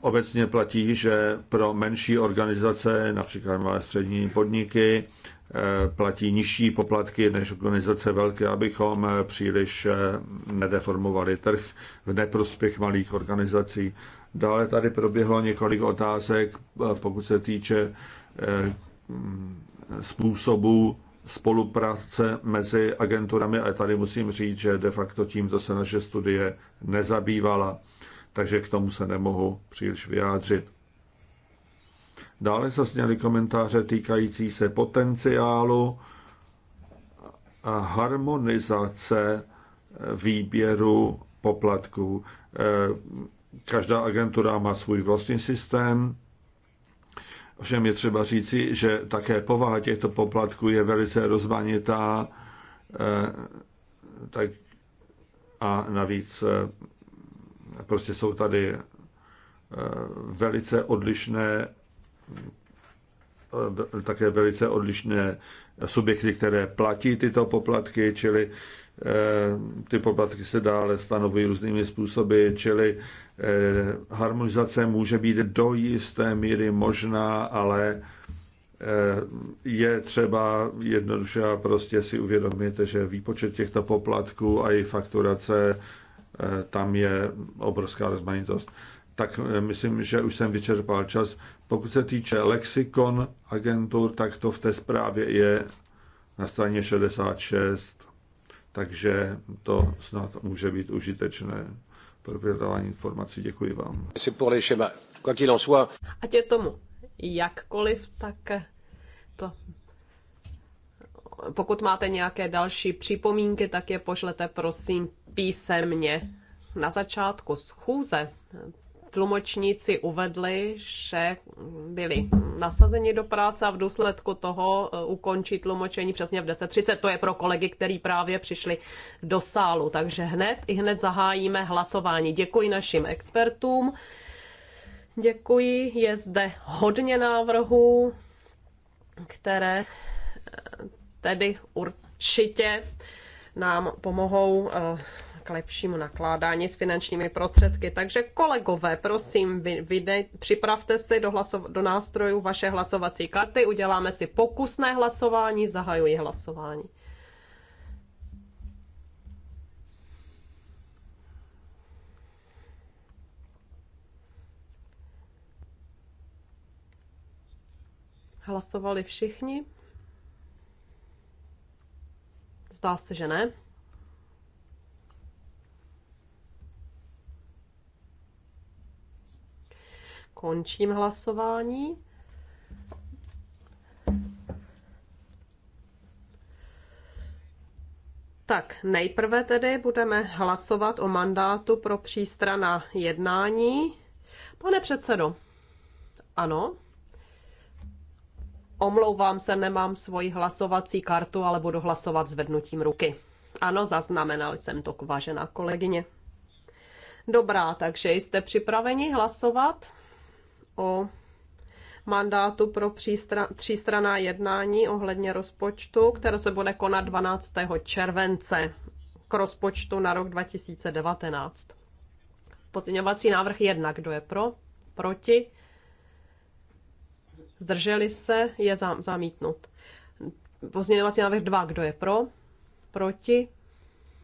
obecně platí, že pro menší organizace, například malé střední podniky, eh, platí nižší poplatky než organizace velké, abychom příliš eh, nedeformovali trh v neprospěch malých organizací. Dále tady proběhlo několik otázek, eh, pokud se týče mm, způsobů spolupráce mezi agenturami, a tady musím říct, že de facto tímto se naše studie nezabývala, takže k tomu se nemohu příliš vyjádřit. Dále zazněly komentáře týkající se potenciálu a harmonizace výběru poplatků. Každá agentura má svůj vlastní systém, Ovšem je třeba říci, že také povaha těchto poplatků je velice rozmanitá eh, tak a navíc eh, prostě jsou tady eh, velice odlišné také velice odlišné subjekty, které platí tyto poplatky, čili ty poplatky se dále stanovují různými způsoby, čili Eh, harmonizace může být do jisté míry možná, ale eh, je třeba jednoduše prostě si uvědomit, že výpočet těchto poplatků a jejich fakturace, eh, tam je obrovská rozmanitost. Tak myslím, že už jsem vyčerpal čas. Pokud se týče lexikon agentur, tak to v té zprávě je na straně 66, takže to snad může být užitečné pro vydávání informací. Děkuji vám. Ať je tomu jakkoliv, tak to pokud máte nějaké další připomínky, tak je pošlete prosím písemně. Na začátku schůze tlumočníci uvedli, že byli nasazeni do práce a v důsledku toho e, ukončí tlumočení přesně v 10.30. To je pro kolegy, který právě přišli do sálu. Takže hned i hned zahájíme hlasování. Děkuji našim expertům. Děkuji. Je zde hodně návrhů, které e, tedy určitě nám pomohou e, lepšímu nakládání s finančními prostředky. Takže kolegové, prosím, vy, vy ne, připravte si do, hlasov, do nástrojů vaše hlasovací karty, uděláme si pokusné hlasování, zahajuji hlasování. Hlasovali všichni? Zdá se, že ne. Končím hlasování. Tak nejprve tedy budeme hlasovat o mandátu pro přístrana jednání. Pane předsedo, ano. Omlouvám se, nemám svoji hlasovací kartu, ale budu hlasovat zvednutím ruky. Ano, zaznamenal jsem to, vážená kolegyně. Dobrá, takže jste připraveni hlasovat? o mandátu pro třístraná jednání ohledně rozpočtu, které se bude konat 12. července k rozpočtu na rok 2019. Pozměňovací návrh jednak, Kdo je pro? Proti? Zdrželi se? Je zamítnut. Pozměňovací návrh 2. Kdo je pro? Proti?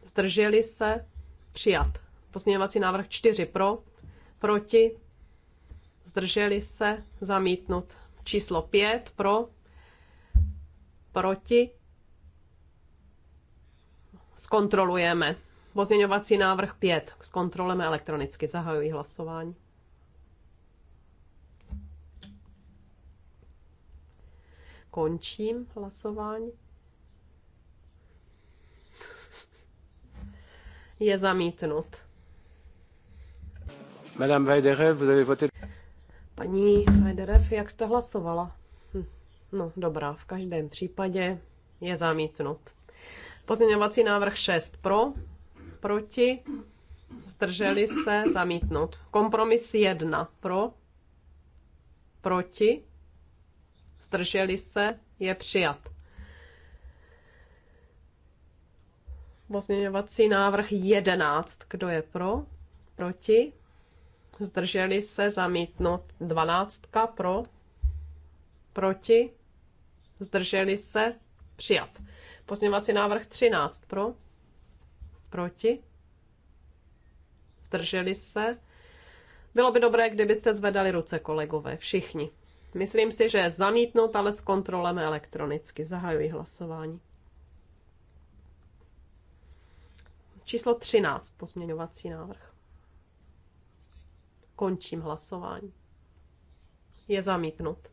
Zdrželi se? Přijat. Pozměňovací návrh 4. Pro? Proti? zdrželi se, zamítnut. Číslo 5 pro, proti, zkontrolujeme. Pozměňovací návrh 5. Zkontrolujeme elektronicky. zahajují hlasování. Končím hlasování. Je zamítnut. Madame Weidere, vous avez voté... Paní Federev, jak jste hlasovala? Hm. No dobrá, v každém případě je zamítnut. Pozměňovací návrh 6 pro, proti, zdrželi se, zamítnut. Kompromis 1 pro, proti, zdrželi se, je přijat. Pozměňovací návrh 11, kdo je pro, proti, zdrželi se zamítnout 12 pro, proti, zdrželi se přijat. Pozměňovací návrh 13 pro, proti, zdrželi se. Bylo by dobré, kdybyste zvedali ruce, kolegové, všichni. Myslím si, že zamítnout, ale s kontrolem elektronicky. Zahajuji hlasování. Číslo 13, pozměňovací návrh. Končím hlasování. Je zamítnut.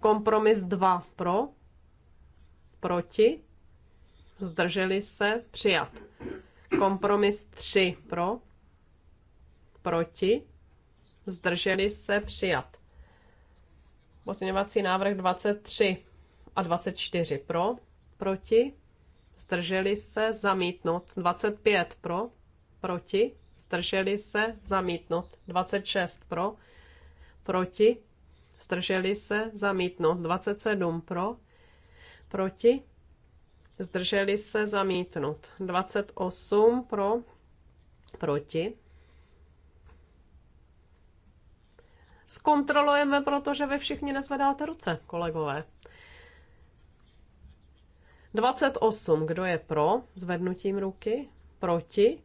Kompromis 2 pro, proti, zdrželi se, přijat. Kompromis 3 pro, proti, zdrželi se, přijat. Pozměňovací návrh 23 a 24 pro, proti, zdrželi se, zamítnout. 25 pro, proti, Zdrželi se? Zamítnout. 26 pro. Proti? Zdrželi se? Zamítnout. 27 pro. Proti? Zdrželi se? Zamítnout. 28 pro. Proti? Zkontrolujeme, protože vy všichni nezvedáte ruce, kolegové. 28. Kdo je pro zvednutím ruky? Proti?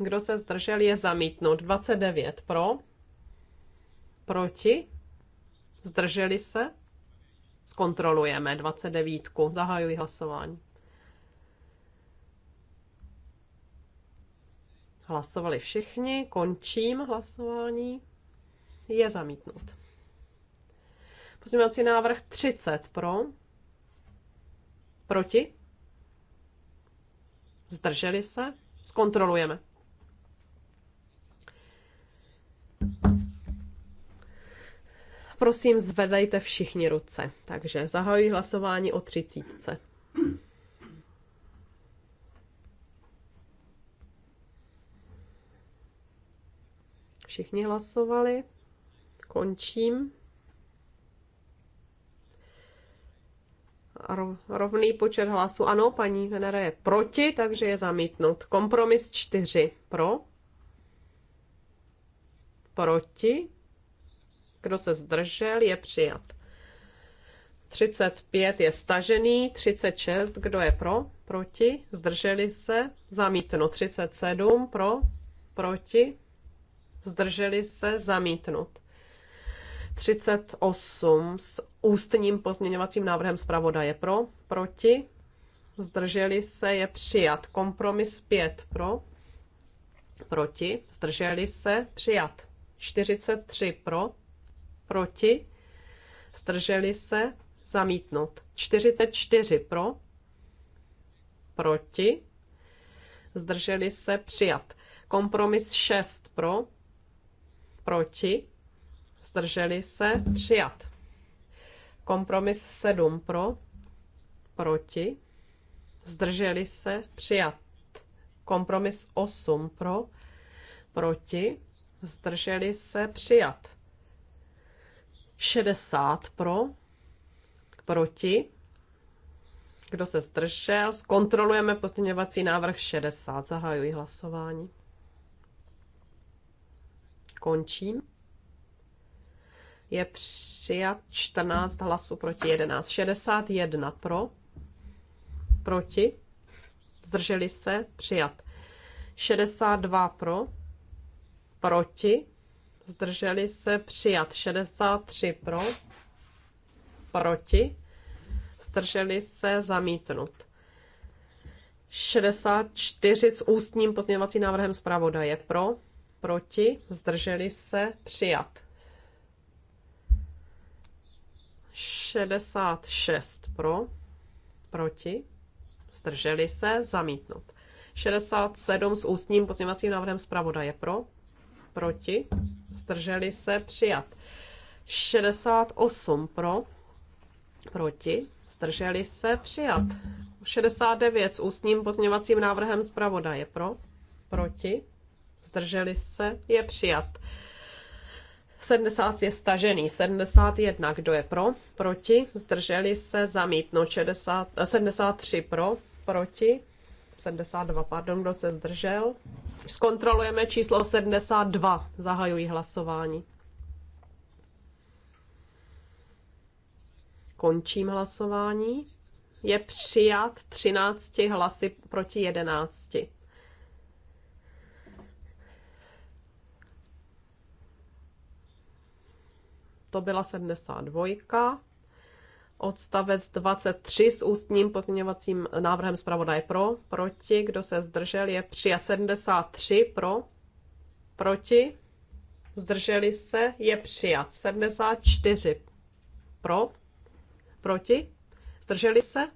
Kdo se zdržel je zamítnut. 29 pro. Proti. Zdrželi se. Zkontrolujeme 29. Zahajuji hlasování. Hlasovali všichni, končím hlasování. Je zamítnut. Pozměňovací návrh 30 pro. Proti? Zdrželi se? Zkontrolujeme. Prosím, zvedejte všichni ruce. Takže zahajuji hlasování o třicítce. Všichni hlasovali. Končím. rovný počet hlasů. Ano, paní Venera je proti, takže je zamítnut. Kompromis 4 pro. Proti. Kdo se zdržel, je přijat. 35 je stažený, 36, kdo je pro, proti, zdrželi se, zamítnut. 37 pro, proti, zdrželi se, zamítnut. 38 s ústním pozměňovacím návrhem zpravodaje pro, proti, zdrželi se, je přijat. Kompromis 5 pro, proti, zdrželi se, přijat. 43 pro, proti, zdrželi se, zamítnut. 44 pro, proti, zdrželi se, přijat. Kompromis 6 pro, proti, zdrželi se, přijat. Kompromis 7 pro, proti, zdrželi se, přijat. Kompromis 8 pro, proti, zdrželi se, přijat. 60 pro, proti, kdo se zdržel, zkontrolujeme pozměňovací návrh 60, zahajuji hlasování. Končím. Je přijat 14 hlasů proti 11, 61 pro, proti, zdrželi se, přijat. 62 pro, proti, zdrželi se přijat 63 pro, proti, zdrželi se zamítnut. 64 s ústním pozměňovacím návrhem zpravodaje pro, proti, zdrželi se přijat. 66 pro, proti, zdrželi se zamítnut. 67 s ústním pozměňovacím návrhem zpravodaje pro, proti, zdrželi se, přijat. 68 pro, proti, zdrželi se, přijat. 69 s ústním pozměňovacím návrhem zpravodaje pro, proti, zdrželi se, je přijat. 70 je stažený, 71 kdo je pro, proti, zdrželi se, zamítnout, 60, 73 pro, proti, 72, pardon, kdo se zdržel. Zkontrolujeme číslo 72. zahajují hlasování. Končím hlasování. Je přijat 13 hlasy proti 11. To byla 72 odstavec 23 s ústním pozměňovacím návrhem zpravodaje pro, proti, kdo se zdržel, je přijat 73 pro, proti, zdrželi se, je přijat 74 pro, proti, zdrželi se,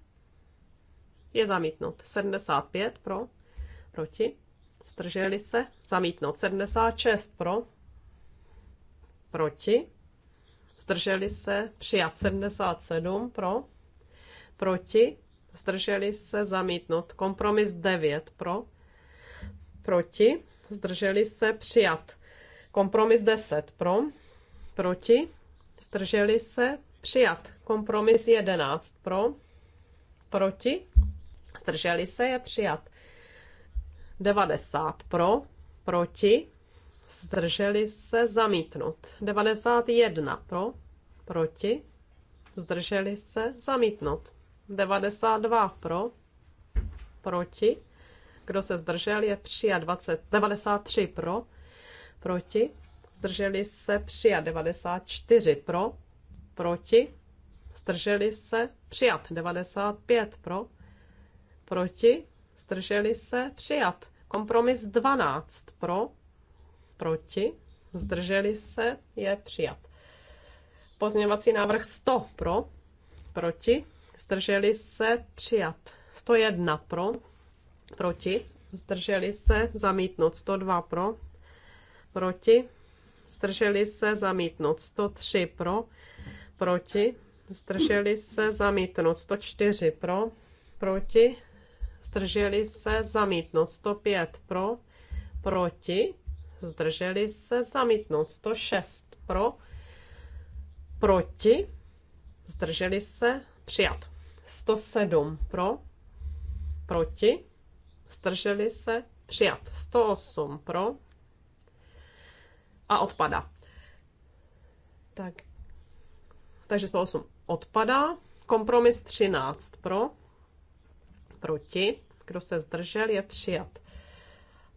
je zamítnut 75 pro, proti, zdrželi se, zamítnut 76 pro, proti, zdrželi se, přijat 77 pro, proti, zdrželi se, zamítnout kompromis 9 pro, proti, zdrželi se, přijat, kompromis 10 pro, proti, zdrželi se, přijat, kompromis 11 pro, proti, zdrželi se, je přijat, 90 pro, proti, zdrželi se zamítnout. 91 pro, proti, zdrželi se zamítnout. 92 pro, proti, kdo se zdržel je 23, 93 pro, proti, zdrželi se přijat 94 pro, proti, zdrželi se přijat 95 pro, proti, zdrželi se přijat. Kompromis 12 pro, proti, zdrželi se, je přijat. Pozměňovací návrh 100 pro, proti, zdrželi se, přijat. 101 pro, proti, zdrželi se, zamítnout. 102 pro, proti, zdrželi se, zamítnout. 103 pro, proti, zdrželi se, zamítnout. 104 pro, proti, zdrželi se, zamítnout. 105 pro, proti, zdrželi se zamítnout 106 pro, proti, zdrželi se přijat 107 pro, proti, zdrželi se přijat 108 pro a odpada. Tak, takže 108 odpadá, kompromis 13 pro, proti, kdo se zdržel, je přijat.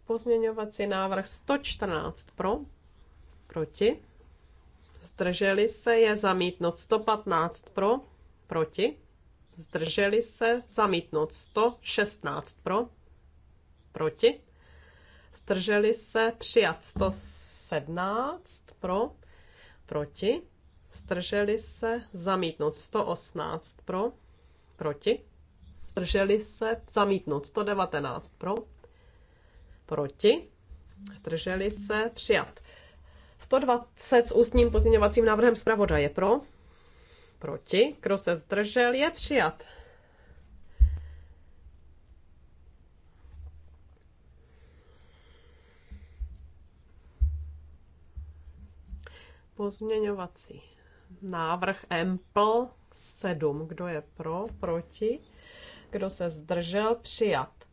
Pozměňovací návrh 114 pro, proti. Zdrželi se je zamítnout 115 pro, proti. Zdrželi se zamítnout 116 pro, proti. Zdrželi se přijat 117 pro, proti. Zdrželi se zamítnout 118 pro, proti. Zdrželi se zamítnout 119 pro, proti, zdrželi se, přijat. 120 s ústním pozměňovacím návrhem zpravodaje pro, proti, kdo se zdržel, je přijat. Pozměňovací návrh Empl 7. Kdo je pro, proti? Kdo se zdržel, přijat.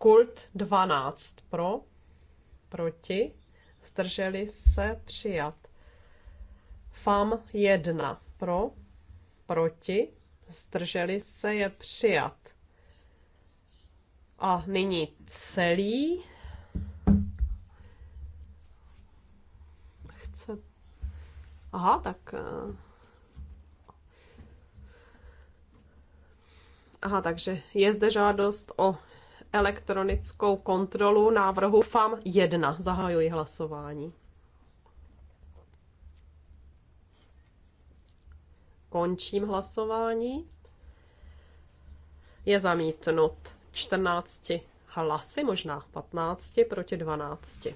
Kult 12 pro, proti, zdrželi se přijat. FAM 1 pro, proti, zdrželi se je přijat. A nyní celý. Chce... Aha, tak... Eh, Aha, takže je zde žádost o elektronickou kontrolu návrhu FAM 1. Zahajuji hlasování. Končím hlasování. Je zamítnut 14 hlasy, možná 15 proti 12.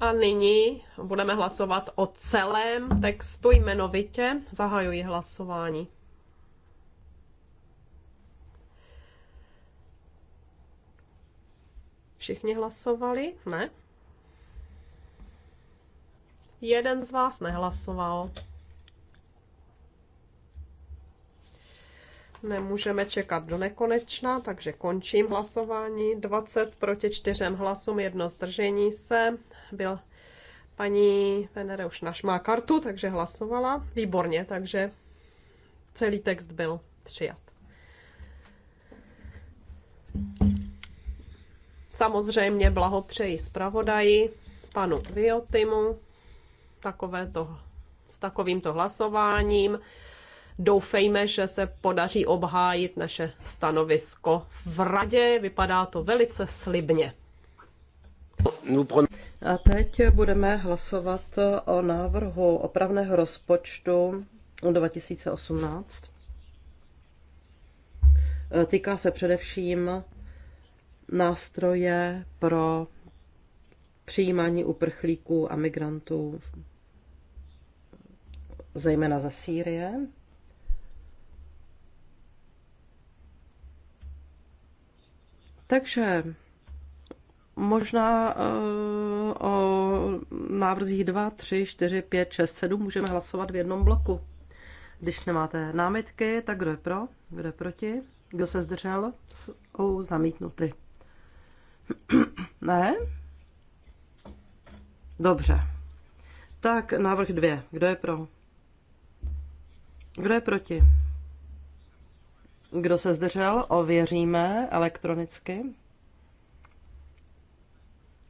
A nyní budeme hlasovat o celém textu jmenovitě. Zahajuji hlasování. Všichni hlasovali? Ne? Jeden z vás nehlasoval. Nemůžeme čekat do nekonečna, takže končím hlasování. 20 proti 4 hlasům, jedno zdržení se. Byl paní Venere už našmá kartu, takže hlasovala. Výborně, takže celý text byl přijat. Samozřejmě blahopřeji zpravodaji, panu Viotimu, to s takovýmto hlasováním. Doufejme, že se podaří obhájit naše stanovisko v radě. Vypadá to velice slibně. A teď budeme hlasovat o návrhu opravného rozpočtu 2018. Týká se především nástroje pro přijímání uprchlíků a migrantů, zejména ze Sýrie. Takže možná uh, o návrzích 2, 3, 4, 5, 6, 7 můžeme hlasovat v jednom bloku. Když nemáte námitky, tak kdo je pro, kdo je proti, kdo se zdržel, jsou zamítnuty. Ne? Dobře. Tak návrh dvě. Kdo je pro? Kdo je proti? Kdo se zdržel? Ověříme elektronicky.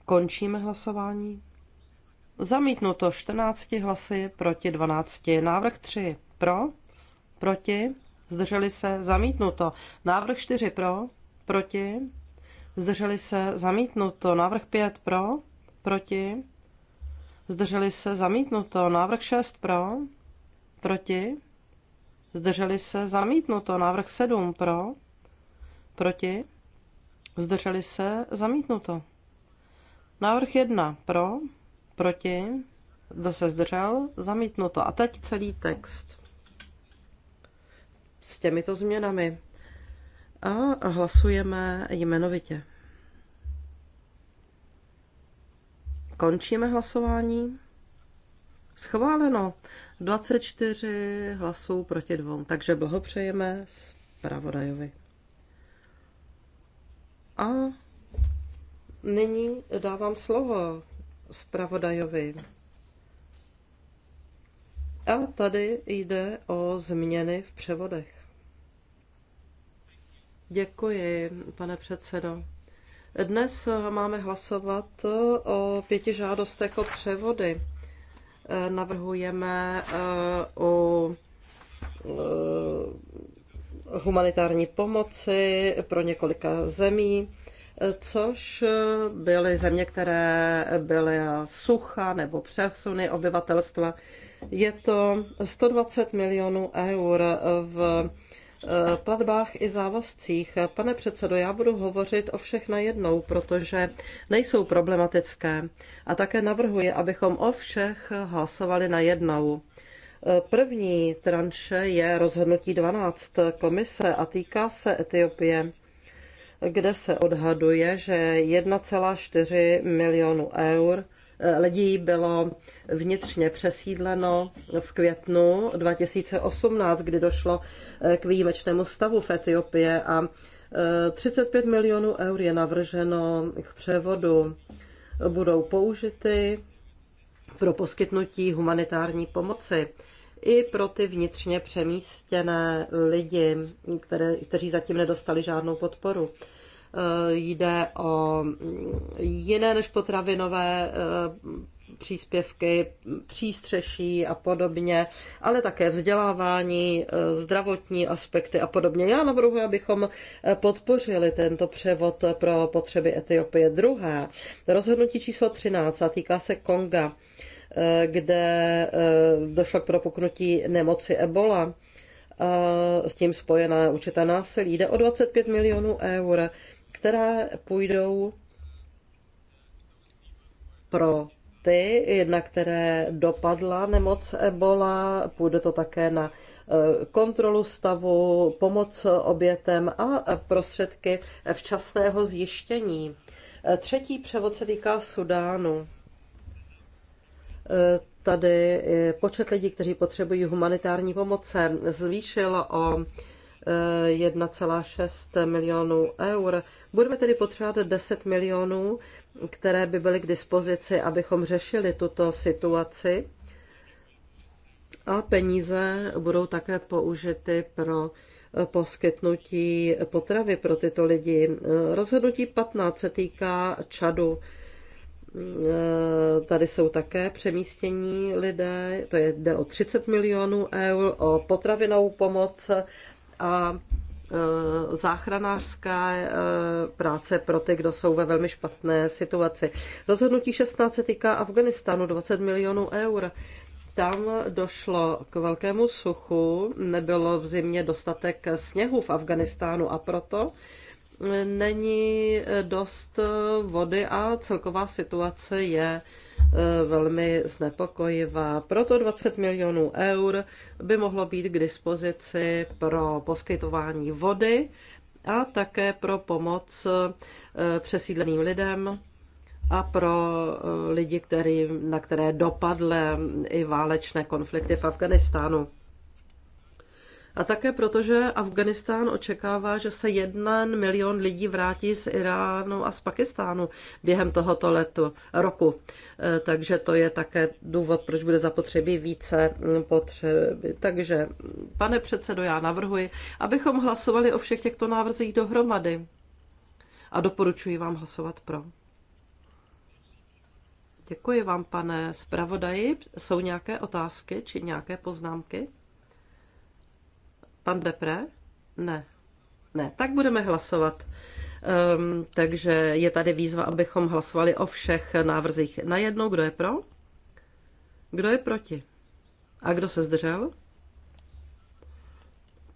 Končíme hlasování. Zamítnuto 14 hlasy proti 12. Návrh 3 pro, proti, zdrželi se, zamítnuto. Návrh 4 pro, proti, zdrželi se, zamítnuto. Návrh 5 pro, proti, zdrželi se, zamítnuto. Návrh 6 pro, proti, zdrželi se, zamítnuto. Návrh 7 pro, proti, zdrželi se, zamítnuto. Návrh 1 pro, proti, kdo se zdržel, zamítnuto. A teď celý text s těmito změnami a hlasujeme jmenovitě. Končíme hlasování. Schváleno 24 hlasů proti dvou, takže blahopřejeme zpravodajovi. A nyní dávám slovo zpravodajovi. A tady jde o změny v převodech. Děkuji, pane předsedo. Dnes eh, máme hlasovat eh, o pěti žádostech o převody. Eh, navrhujeme o humanitární pomoci pro několika zemí, což byly země, které byly sucha nebo přesuny obyvatelstva. Je to 120 milionů eur v Eh, platbách i závazcích. Pane předsedo, já budu hovořit o všech najednou, protože nejsou problematické a také navrhuji, abychom o všech hlasovali najednou. Eh, první tranše je rozhodnutí 12 komise a týká se Etiopie, kde se odhaduje, že 1,4 milionu eur Eh, lidí bylo vnitřně přesídleno v květnu 2018, kdy došlo eh, k výjimečnému stavu v Etiopii a 35 eh, milionů eur je navrženo k převodu. Budou použity pro poskytnutí humanitární pomoci i pro ty vnitřně přemístěné lidi, které, kteří zatím nedostali žádnou podporu. Eh, jde o mm, jiné než potravinové eh, příspěvky, přístřeší a podobně, ale také vzdělávání, eh, zdravotní aspekty a podobně. Já navrhuji, abychom podpořili tento převod pro potřeby Etiopie. Druhé, rozhodnutí číslo 13 a týká se Konga, kde došlo k propuknutí nemoci Ebola s tím spojená určitá násilí. Jde o 25 milionů eur které půjdou pro ty, na které dopadla nemoc ebola, půjde to také na e, kontrolu stavu, pomoc obětem a e, prostředky včasného zjištění. E, třetí převod se týká Sudánu. Tady počet lidí, kteří potřebují humanitární pomoc, zvýšil o 1,6 milionů eur. Budeme tedy potřebovat 10 milionů, které by byly k dispozici, abychom řešili tuto situaci. A peníze budou také použity pro eh, poskytnutí potravy pro tyto lidi. Eh, rozhodnutí 15 se týká Čadu. Eh, tady jsou také přemístění lidé, to je, jde o 30 milionů eur, o potravinou pomoc a e, záchranářská e, práce pro ty, kdo jsou ve velmi špatné situaci. Rozhodnutí 16 se týká Afganistánu 20 milionů eur. Tam došlo k velkému suchu, nebylo v zimě dostatek sněhu v Afganistánu a proto není dost vody a celková situace je E, velmi znepokojivá. Proto 20 milionů eur by mohlo být k dispozici pro poskytování vody a také pro pomoc e, přesídleným lidem a pro e, lidi, který, na které dopadly i válečné konflikty v Afganistánu. A také proto, že Afganistán očekává, že se jeden milion lidí vrátí z Iránu a z Pakistánu během tohoto letu, roku. E, takže to je také důvod, proč bude zapotřebí více potřeby. Takže, pane předsedo, já navrhuji, abychom hlasovali o všech těchto návrzích dohromady. A doporučuji vám hlasovat pro. Děkuji vám, pane zpravodaji. Jsou nějaké otázky či nějaké poznámky? Pan Depre? Ne. Ne, tak budeme hlasovat. Um, takže je tady výzva, abychom hlasovali o všech návrzích najednou. Kdo je pro? Kdo je proti? A kdo se zdržel?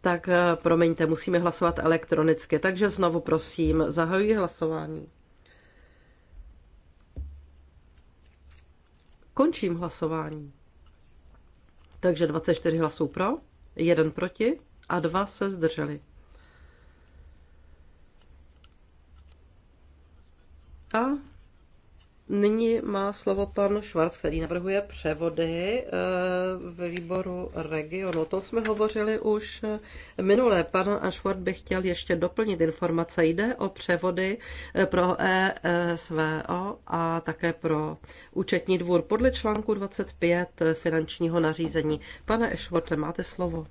Tak eh, promiňte, musíme hlasovat elektronicky. Takže znovu prosím, zahajuji hlasování. Končím hlasování. Takže 24 hlasů pro, 1 proti a dva se zdrželi. A nyní má slovo pan Švarc, který navrhuje převody eh, ve výboru regionu. To jsme hovořili už eh, minule. Pan Ašvart by chtěl ještě doplnit informace. Jde o převody eh, pro ESVO a také pro účetní dvůr podle článku 25 finančního nařízení. Pane Ešvorte, máte slovo.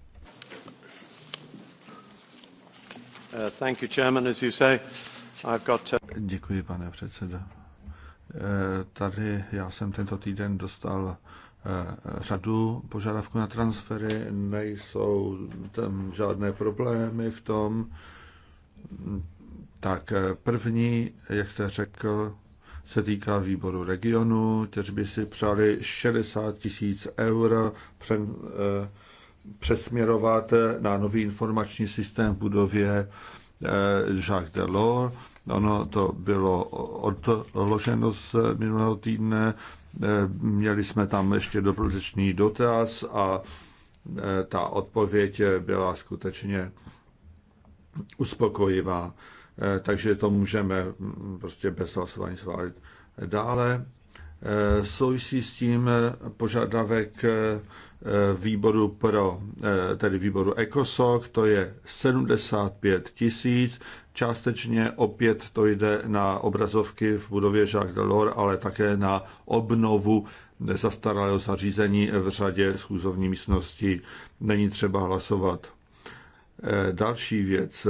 Děkuji, pane předsedo. Eh, tady já jsem tento týden dostal eh, řadu požadavků na transfery, nejsou tam žádné problémy v tom. Tak eh, první, jak jste řekl, se týká výboru regionu, kteří by si přáli 60 tisíc eur přen, přesměrovat na nový informační systém v budově eh, Jacques Delors. Ono to bylo odloženo z minulého týdne. Eh, měli jsme tam ještě dobrodečný dotaz a eh, ta odpověď byla skutečně uspokojivá. Takže to můžeme prostě bez hlasování schválit. Dále Eh, souvisí s tím požadavek eh, výboru pro, eh, tedy výboru ECOSOC, to je 75 tisíc. Částečně opět to jde na obrazovky v budově Jacques Delors, ale také na obnovu zastaralého zařízení v řadě schůzovní místnosti. Není třeba hlasovat. Další věc.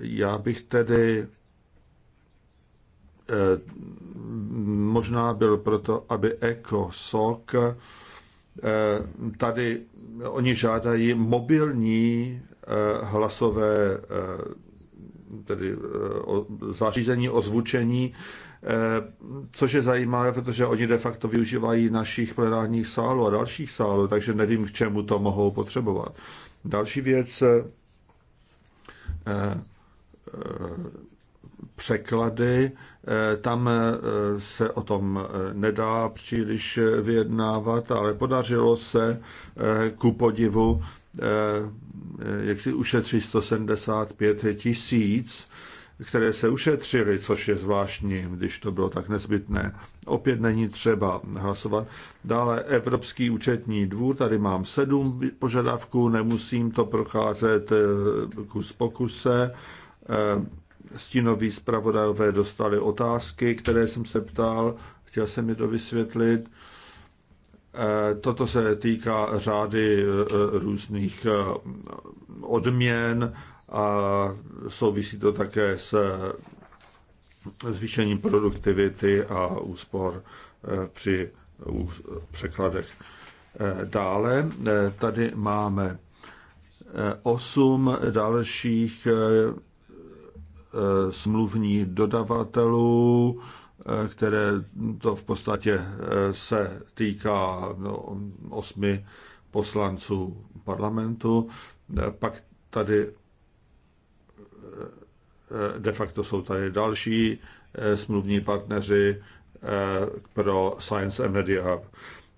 Já bych tedy Eh, možná byl proto, aby sok. Eh, tady oni žádají mobilní eh, hlasové tedy zařízení ozvučení, což je zajímavé, protože oni de facto využívají našich plenárních sálů a dalších sálů, takže nevím, k čemu to mohou potřebovat. Další věc, překlady, eh, tam eh, se o tom eh, nedá příliš vyjednávat, ale podařilo se ku podivu jak si ušetří 175 tisíc, které se ušetřily, což je zvláštní, když to bylo tak nezbytné. Opět není třeba hlasovat. Dále Evropský účetní dvůr, tady mám sedm požadavků, nemusím to procházet kus pokuse stínoví zpravodajové dostali otázky, které jsem se ptal, chtěl jsem je to vysvětlit. Eh, toto se týká řády eh, různých eh, odměn a souvisí to také s zvýšením produktivity a úspor při překladech. Dále tady máme osm dalších Eh, smluvních dodavatelů, eh, které to v podstatě eh, se týká no, osmi poslanců parlamentu. Pak tady de facto jsou tady další smluvní partneři pro Science and Media Hub.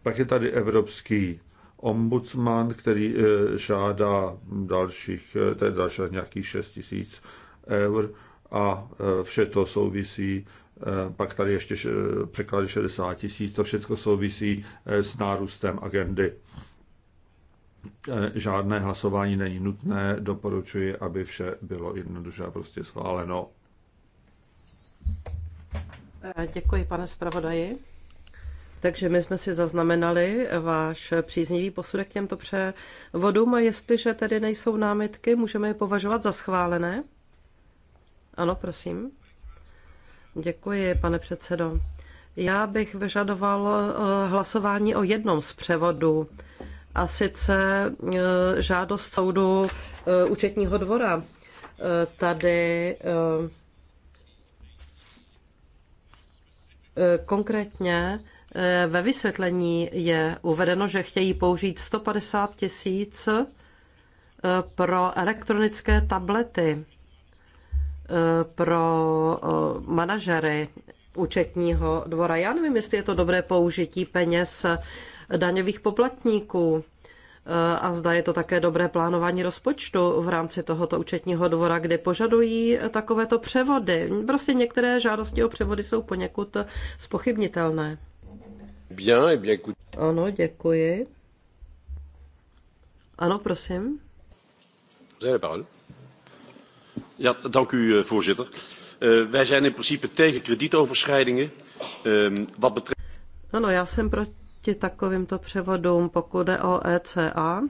Pak je tady Evropský ombudsman, který žádá dalších, to je dalších nějakých 6 tisíc eur a e, vše to souvisí, e, pak tady ještě překlady 60 tisíc, to všechno souvisí e, s nárůstem agendy. Žádné hlasování není nutné, doporučuji, aby vše bylo jednoduše a prostě schváleno. Děkuji, pane zpravodaji. Takže my jsme si zaznamenali váš příznivý posudek těmto převodům a jestliže tedy nejsou námitky, můžeme je považovat za schválené. Ano, prosím. Děkuji, pane předsedo. Já bych vyžadoval eh, hlasování o jednom z převodů, a sice eh, žádost soudu eh, účetního dvora. Tady konkrétně ve vysvětlení je uvedeno, že chtějí použít 150 tisíc pro elektronické tablety Eh, pro eh, manažery účetního dvora. Já nevím, jestli je to dobré použití peněz daňových poplatníků eh, a zda je to také dobré plánování rozpočtu v rámci tohoto účetního dvora, kdy požadují takovéto převody. Prostě některé žádosti o převody jsou poněkud spochybnitelné. Bien, bien, ano, děkuji. Ano, prosím. Vous avez la parole. Ja, dank u eh, voorzitter. Uh, wij zijn in principe tegen kredietoverschrijdingen. Uh, wat betreft... Ano, já jsem proti takovýmto převodům, pokud jde o ECA.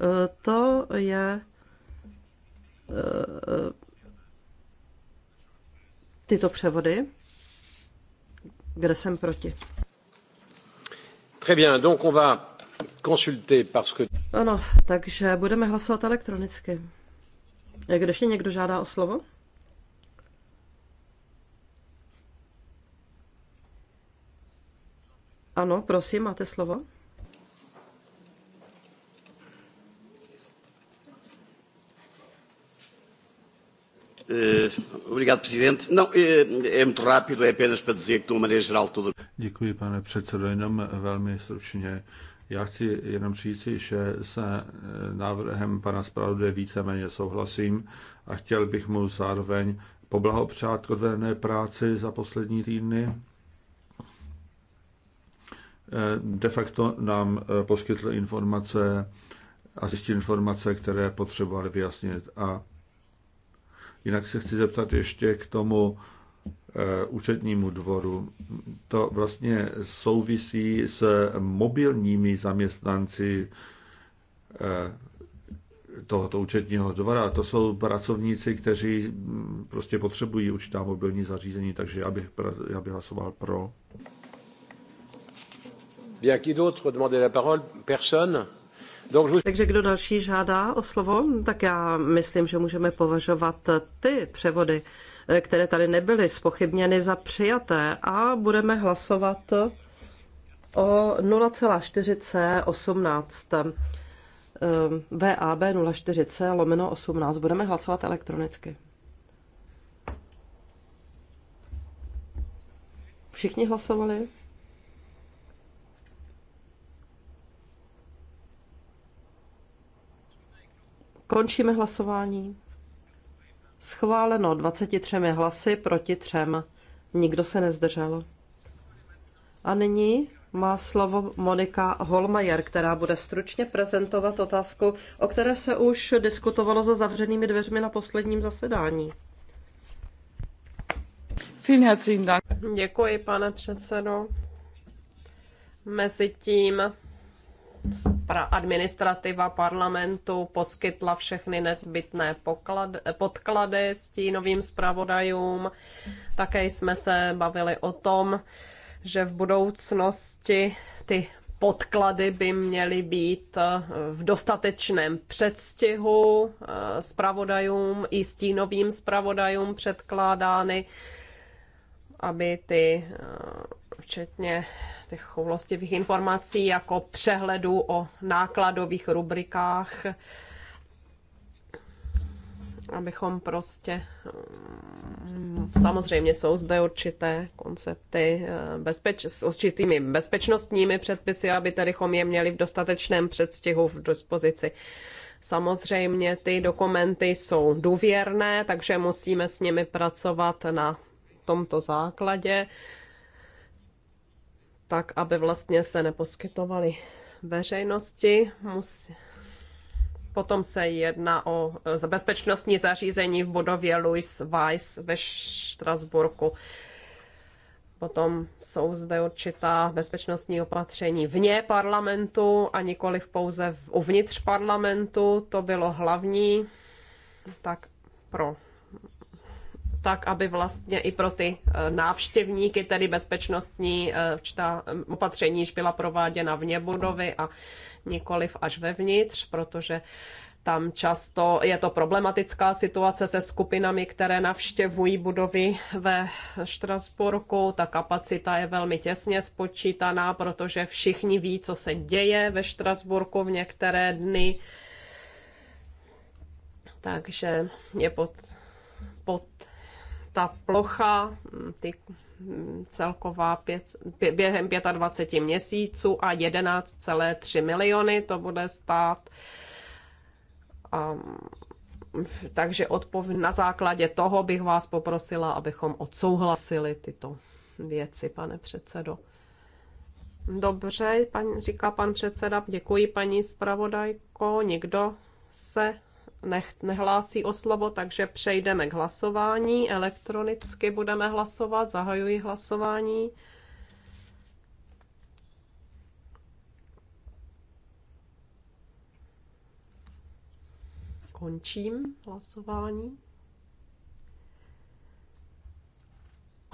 Eh, to je tyto převody, kde jsem proti. Très bien, donc on va consulter parce que... Ano, takže budeme hlasovat elektronicky. Jak ještě někdo žádá o slovo? Ano, prosím, máte slovo. Eh, eh, Děkuji, pane předsedo, jenom velmi stručně. Já chci jenom říci, že se eh, návrhem pana zpravodaje víceméně souhlasím a chtěl bych mu zároveň poblahopřát k odvedené práci za poslední týdny. Eh, de facto nám eh, poskytl informace a zjistil informace, které potřebovali vyjasnit. A jinak se chci zeptat ještě k tomu Eh, účetnímu dvoru. To vlastně souvisí s mobilními zaměstnanci eh, tohoto účetního dvora. To jsou pracovníci, kteří mm, prostě potřebují určitá mobilní zařízení, takže já bych, já bych hlasoval pro. Bien, qui d'autre demandait la parole Personne. Takže kdo další žádá o slovo, tak já myslím, že můžeme považovat ty převody Eh, které tady nebyly spochybněny za přijaté a budeme hlasovat o 0,4C18 VAB 04C lomeno 18. Budeme hlasovat elektronicky. Všichni hlasovali? Končíme hlasování. Schváleno 23 hlasy proti třem. Nikdo se nezdržel. A nyní má slovo Monika Holmajer, která bude stručně prezentovat otázku, o které se už diskutovalo za zavřenými dveřmi na posledním zasedání. Děkuji, pane předsedo. Mezitím administrativa parlamentu poskytla všechny nezbytné poklad, podklady stínovým zpravodajům. Také jsme se bavili o tom, že v budoucnosti ty podklady by měly být eh, v dostatečném předstihu eh, zpravodajům i stínovým zpravodajům předkládány, aby ty eh, včetně těch choulostivých informací jako přehledu o nákladových rubrikách, abychom prostě, mm, samozřejmě jsou zde určité koncepty eh, bezpeč, s určitými bezpečnostními předpisy, aby tedychom je měli v dostatečném předstihu v dispozici. Samozřejmě ty dokumenty jsou důvěrné, takže musíme s nimi pracovat na tomto základě tak aby vlastně se neposkytovaly veřejnosti. Musí... Potom se jedná o bezpečnostní zařízení v budově Louis Weiss ve Štrasburku. Potom jsou zde určitá bezpečnostní opatření vně parlamentu a nikoli pouze uvnitř parlamentu. To bylo hlavní tak pro tak, aby vlastně i pro ty eh, návštěvníky, tedy bezpečnostní eh, ta eh, opatření již byla prováděna vně budovy a nikoliv až vevnitř, protože tam často je to problematická situace se skupinami, které navštěvují budovy ve Štrasburku. Ta kapacita je velmi těsně spočítaná, protože všichni ví, co se děje ve Štrasburku v některé dny. Takže je pod, pod ta plocha, mm, ty mm, celková pět, během 25 měsíců a 11,3 miliony to bude stát. A, takže odpov, na základě toho bych vás poprosila, abychom odsouhlasili tyto věci, pane předsedo. Dobře, pan, říká pan předseda, děkuji paní zpravodajko. Někdo se nech, nehlásí o slovo, takže přejdeme k hlasování. Elektronicky budeme hlasovat. Zahajuji hlasování. Končím hlasování.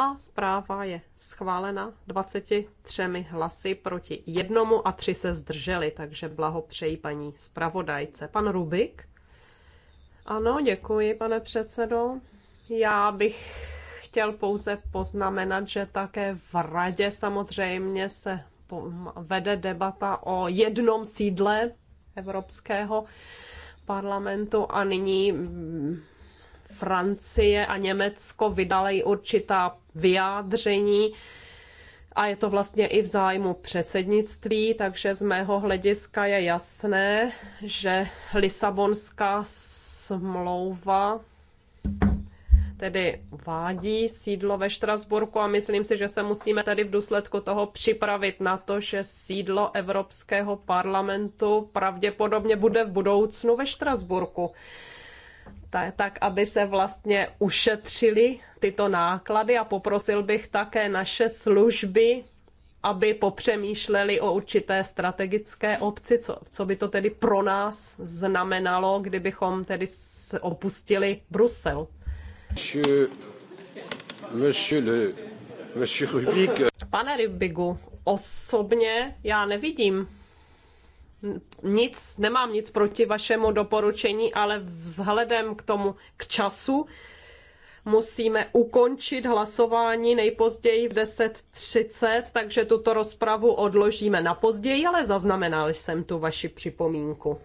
A zpráva je schválena 23 hlasy proti jednomu a tři se zdrželi, takže blahopřeji paní zpravodajce. Pan Rubik. Ano, děkuji, pane předsedo. Já bych chtěl pouze poznamenat, že také v radě samozřejmě se vede debata o jednom sídle Evropského parlamentu a nyní mm, Francie a Německo vydali určitá vyjádření a je to vlastně i v zájmu předsednictví, takže z mého hlediska je jasné, že Lisabonská smlouva tedy vádí sídlo ve Štrasburku a myslím si, že se musíme tady v důsledku toho připravit na to, že sídlo Evropského parlamentu pravděpodobně bude v budoucnu ve Štrasburku. Tak, aby se vlastně ušetřili tyto náklady a poprosil bych také naše služby aby popřemýšleli o určité strategické obci, co, co by to tedy pro nás znamenalo, kdybychom tedy opustili Brusel. Monsieur, monsieur monsieur Rubik. Pane Rybigu, osobně já nevidím nic, nemám nic proti vašemu doporučení, ale vzhledem k tomu, k času, musíme ukončit hlasování nejpozději v 10.30, takže tuto rozpravu odložíme na později, ale zaznamenal jsem tu vaši připomínku.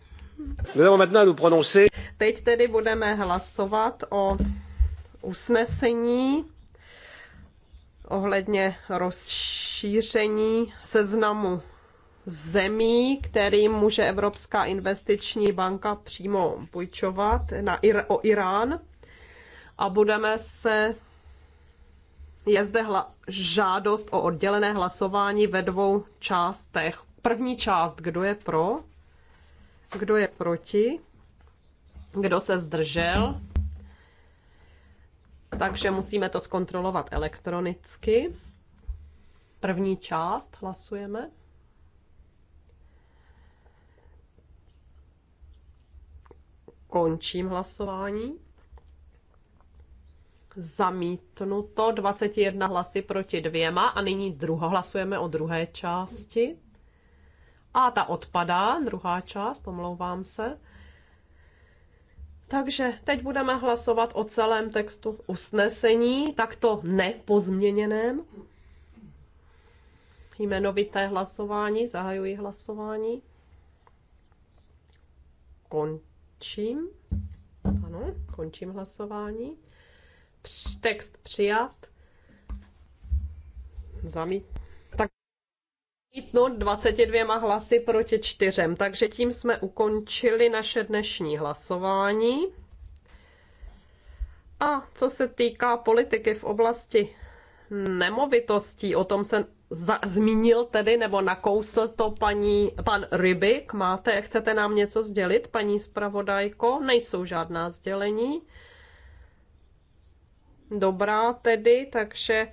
Teď tedy budeme hlasovat o usnesení ohledně rozšíření seznamu zemí, kterým může Evropská investiční banka přímo půjčovat na Ir- o Irán a budeme se je zde hla- žádost o oddělené hlasování ve dvou částech. První část, kdo je pro, kdo je proti, kdo se zdržel. Takže musíme to zkontrolovat elektronicky. První část hlasujeme. Končím hlasování. Zamítnuto 21 hlasy proti dvěma a nyní druho hlasujeme o druhé části. A ta odpadá, druhá část, omlouvám se. Takže teď budeme hlasovat o celém textu usnesení, takto nepozměněném. Jmenovité hlasování, zahajuji hlasování. Končím. Ano, končím hlasování. Text přijat. Zamít. Tak no 22 hlasy proti čtyřem. Takže tím jsme ukončili naše dnešní hlasování. A co se týká politiky v oblasti nemovitostí, o tom se za, zmínil tedy nebo nakousl to paní, pan Rybik. Máte, chcete nám něco sdělit, paní zpravodajko? Nejsou žádná sdělení. Dobrá tedy, takže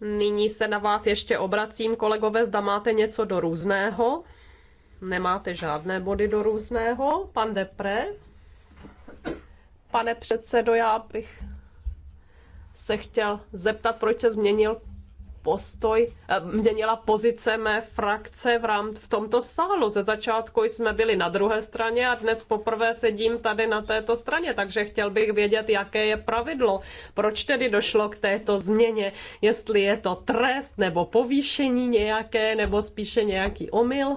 nyní se na vás ještě obracím, kolegové, zda máte něco do různého. Nemáte žádné body do různého. Pan Depre? Pane předsedo, já bych se chtěl zeptat, proč se změnil postoj, eh, měnila pozice mé frakce v, rám, v tomto sálu. Ze začátku jsme byli na druhé straně a dnes poprvé sedím tady na této straně, takže chtěl bych vědět, jaké je pravidlo, proč tedy došlo k této změně, jestli je to trest nebo povýšení nějaké, nebo spíše nějaký omyl.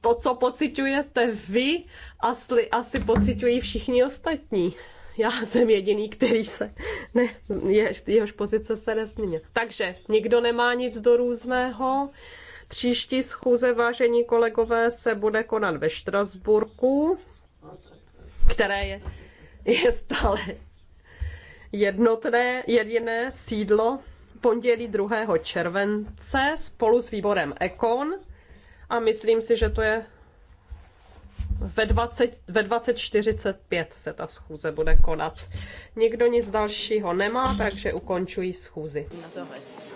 To, co pocitujete vy, asi, asi pocitují všichni ostatní já jsem jediný, který se, ne, je, jehož pozice se nezměnila. Takže nikdo nemá nic do různého. Příští schůze, vážení kolegové, se bude konat ve Štrasburku, které je, je stále jednotné, jediné sídlo pondělí 2. července spolu s výborem Ekon. A myslím si, že to je ve, 20, ve 20.45 se ta schůze bude konat. Nikdo nic dalšího nemá, takže ukončují schůzi. Na to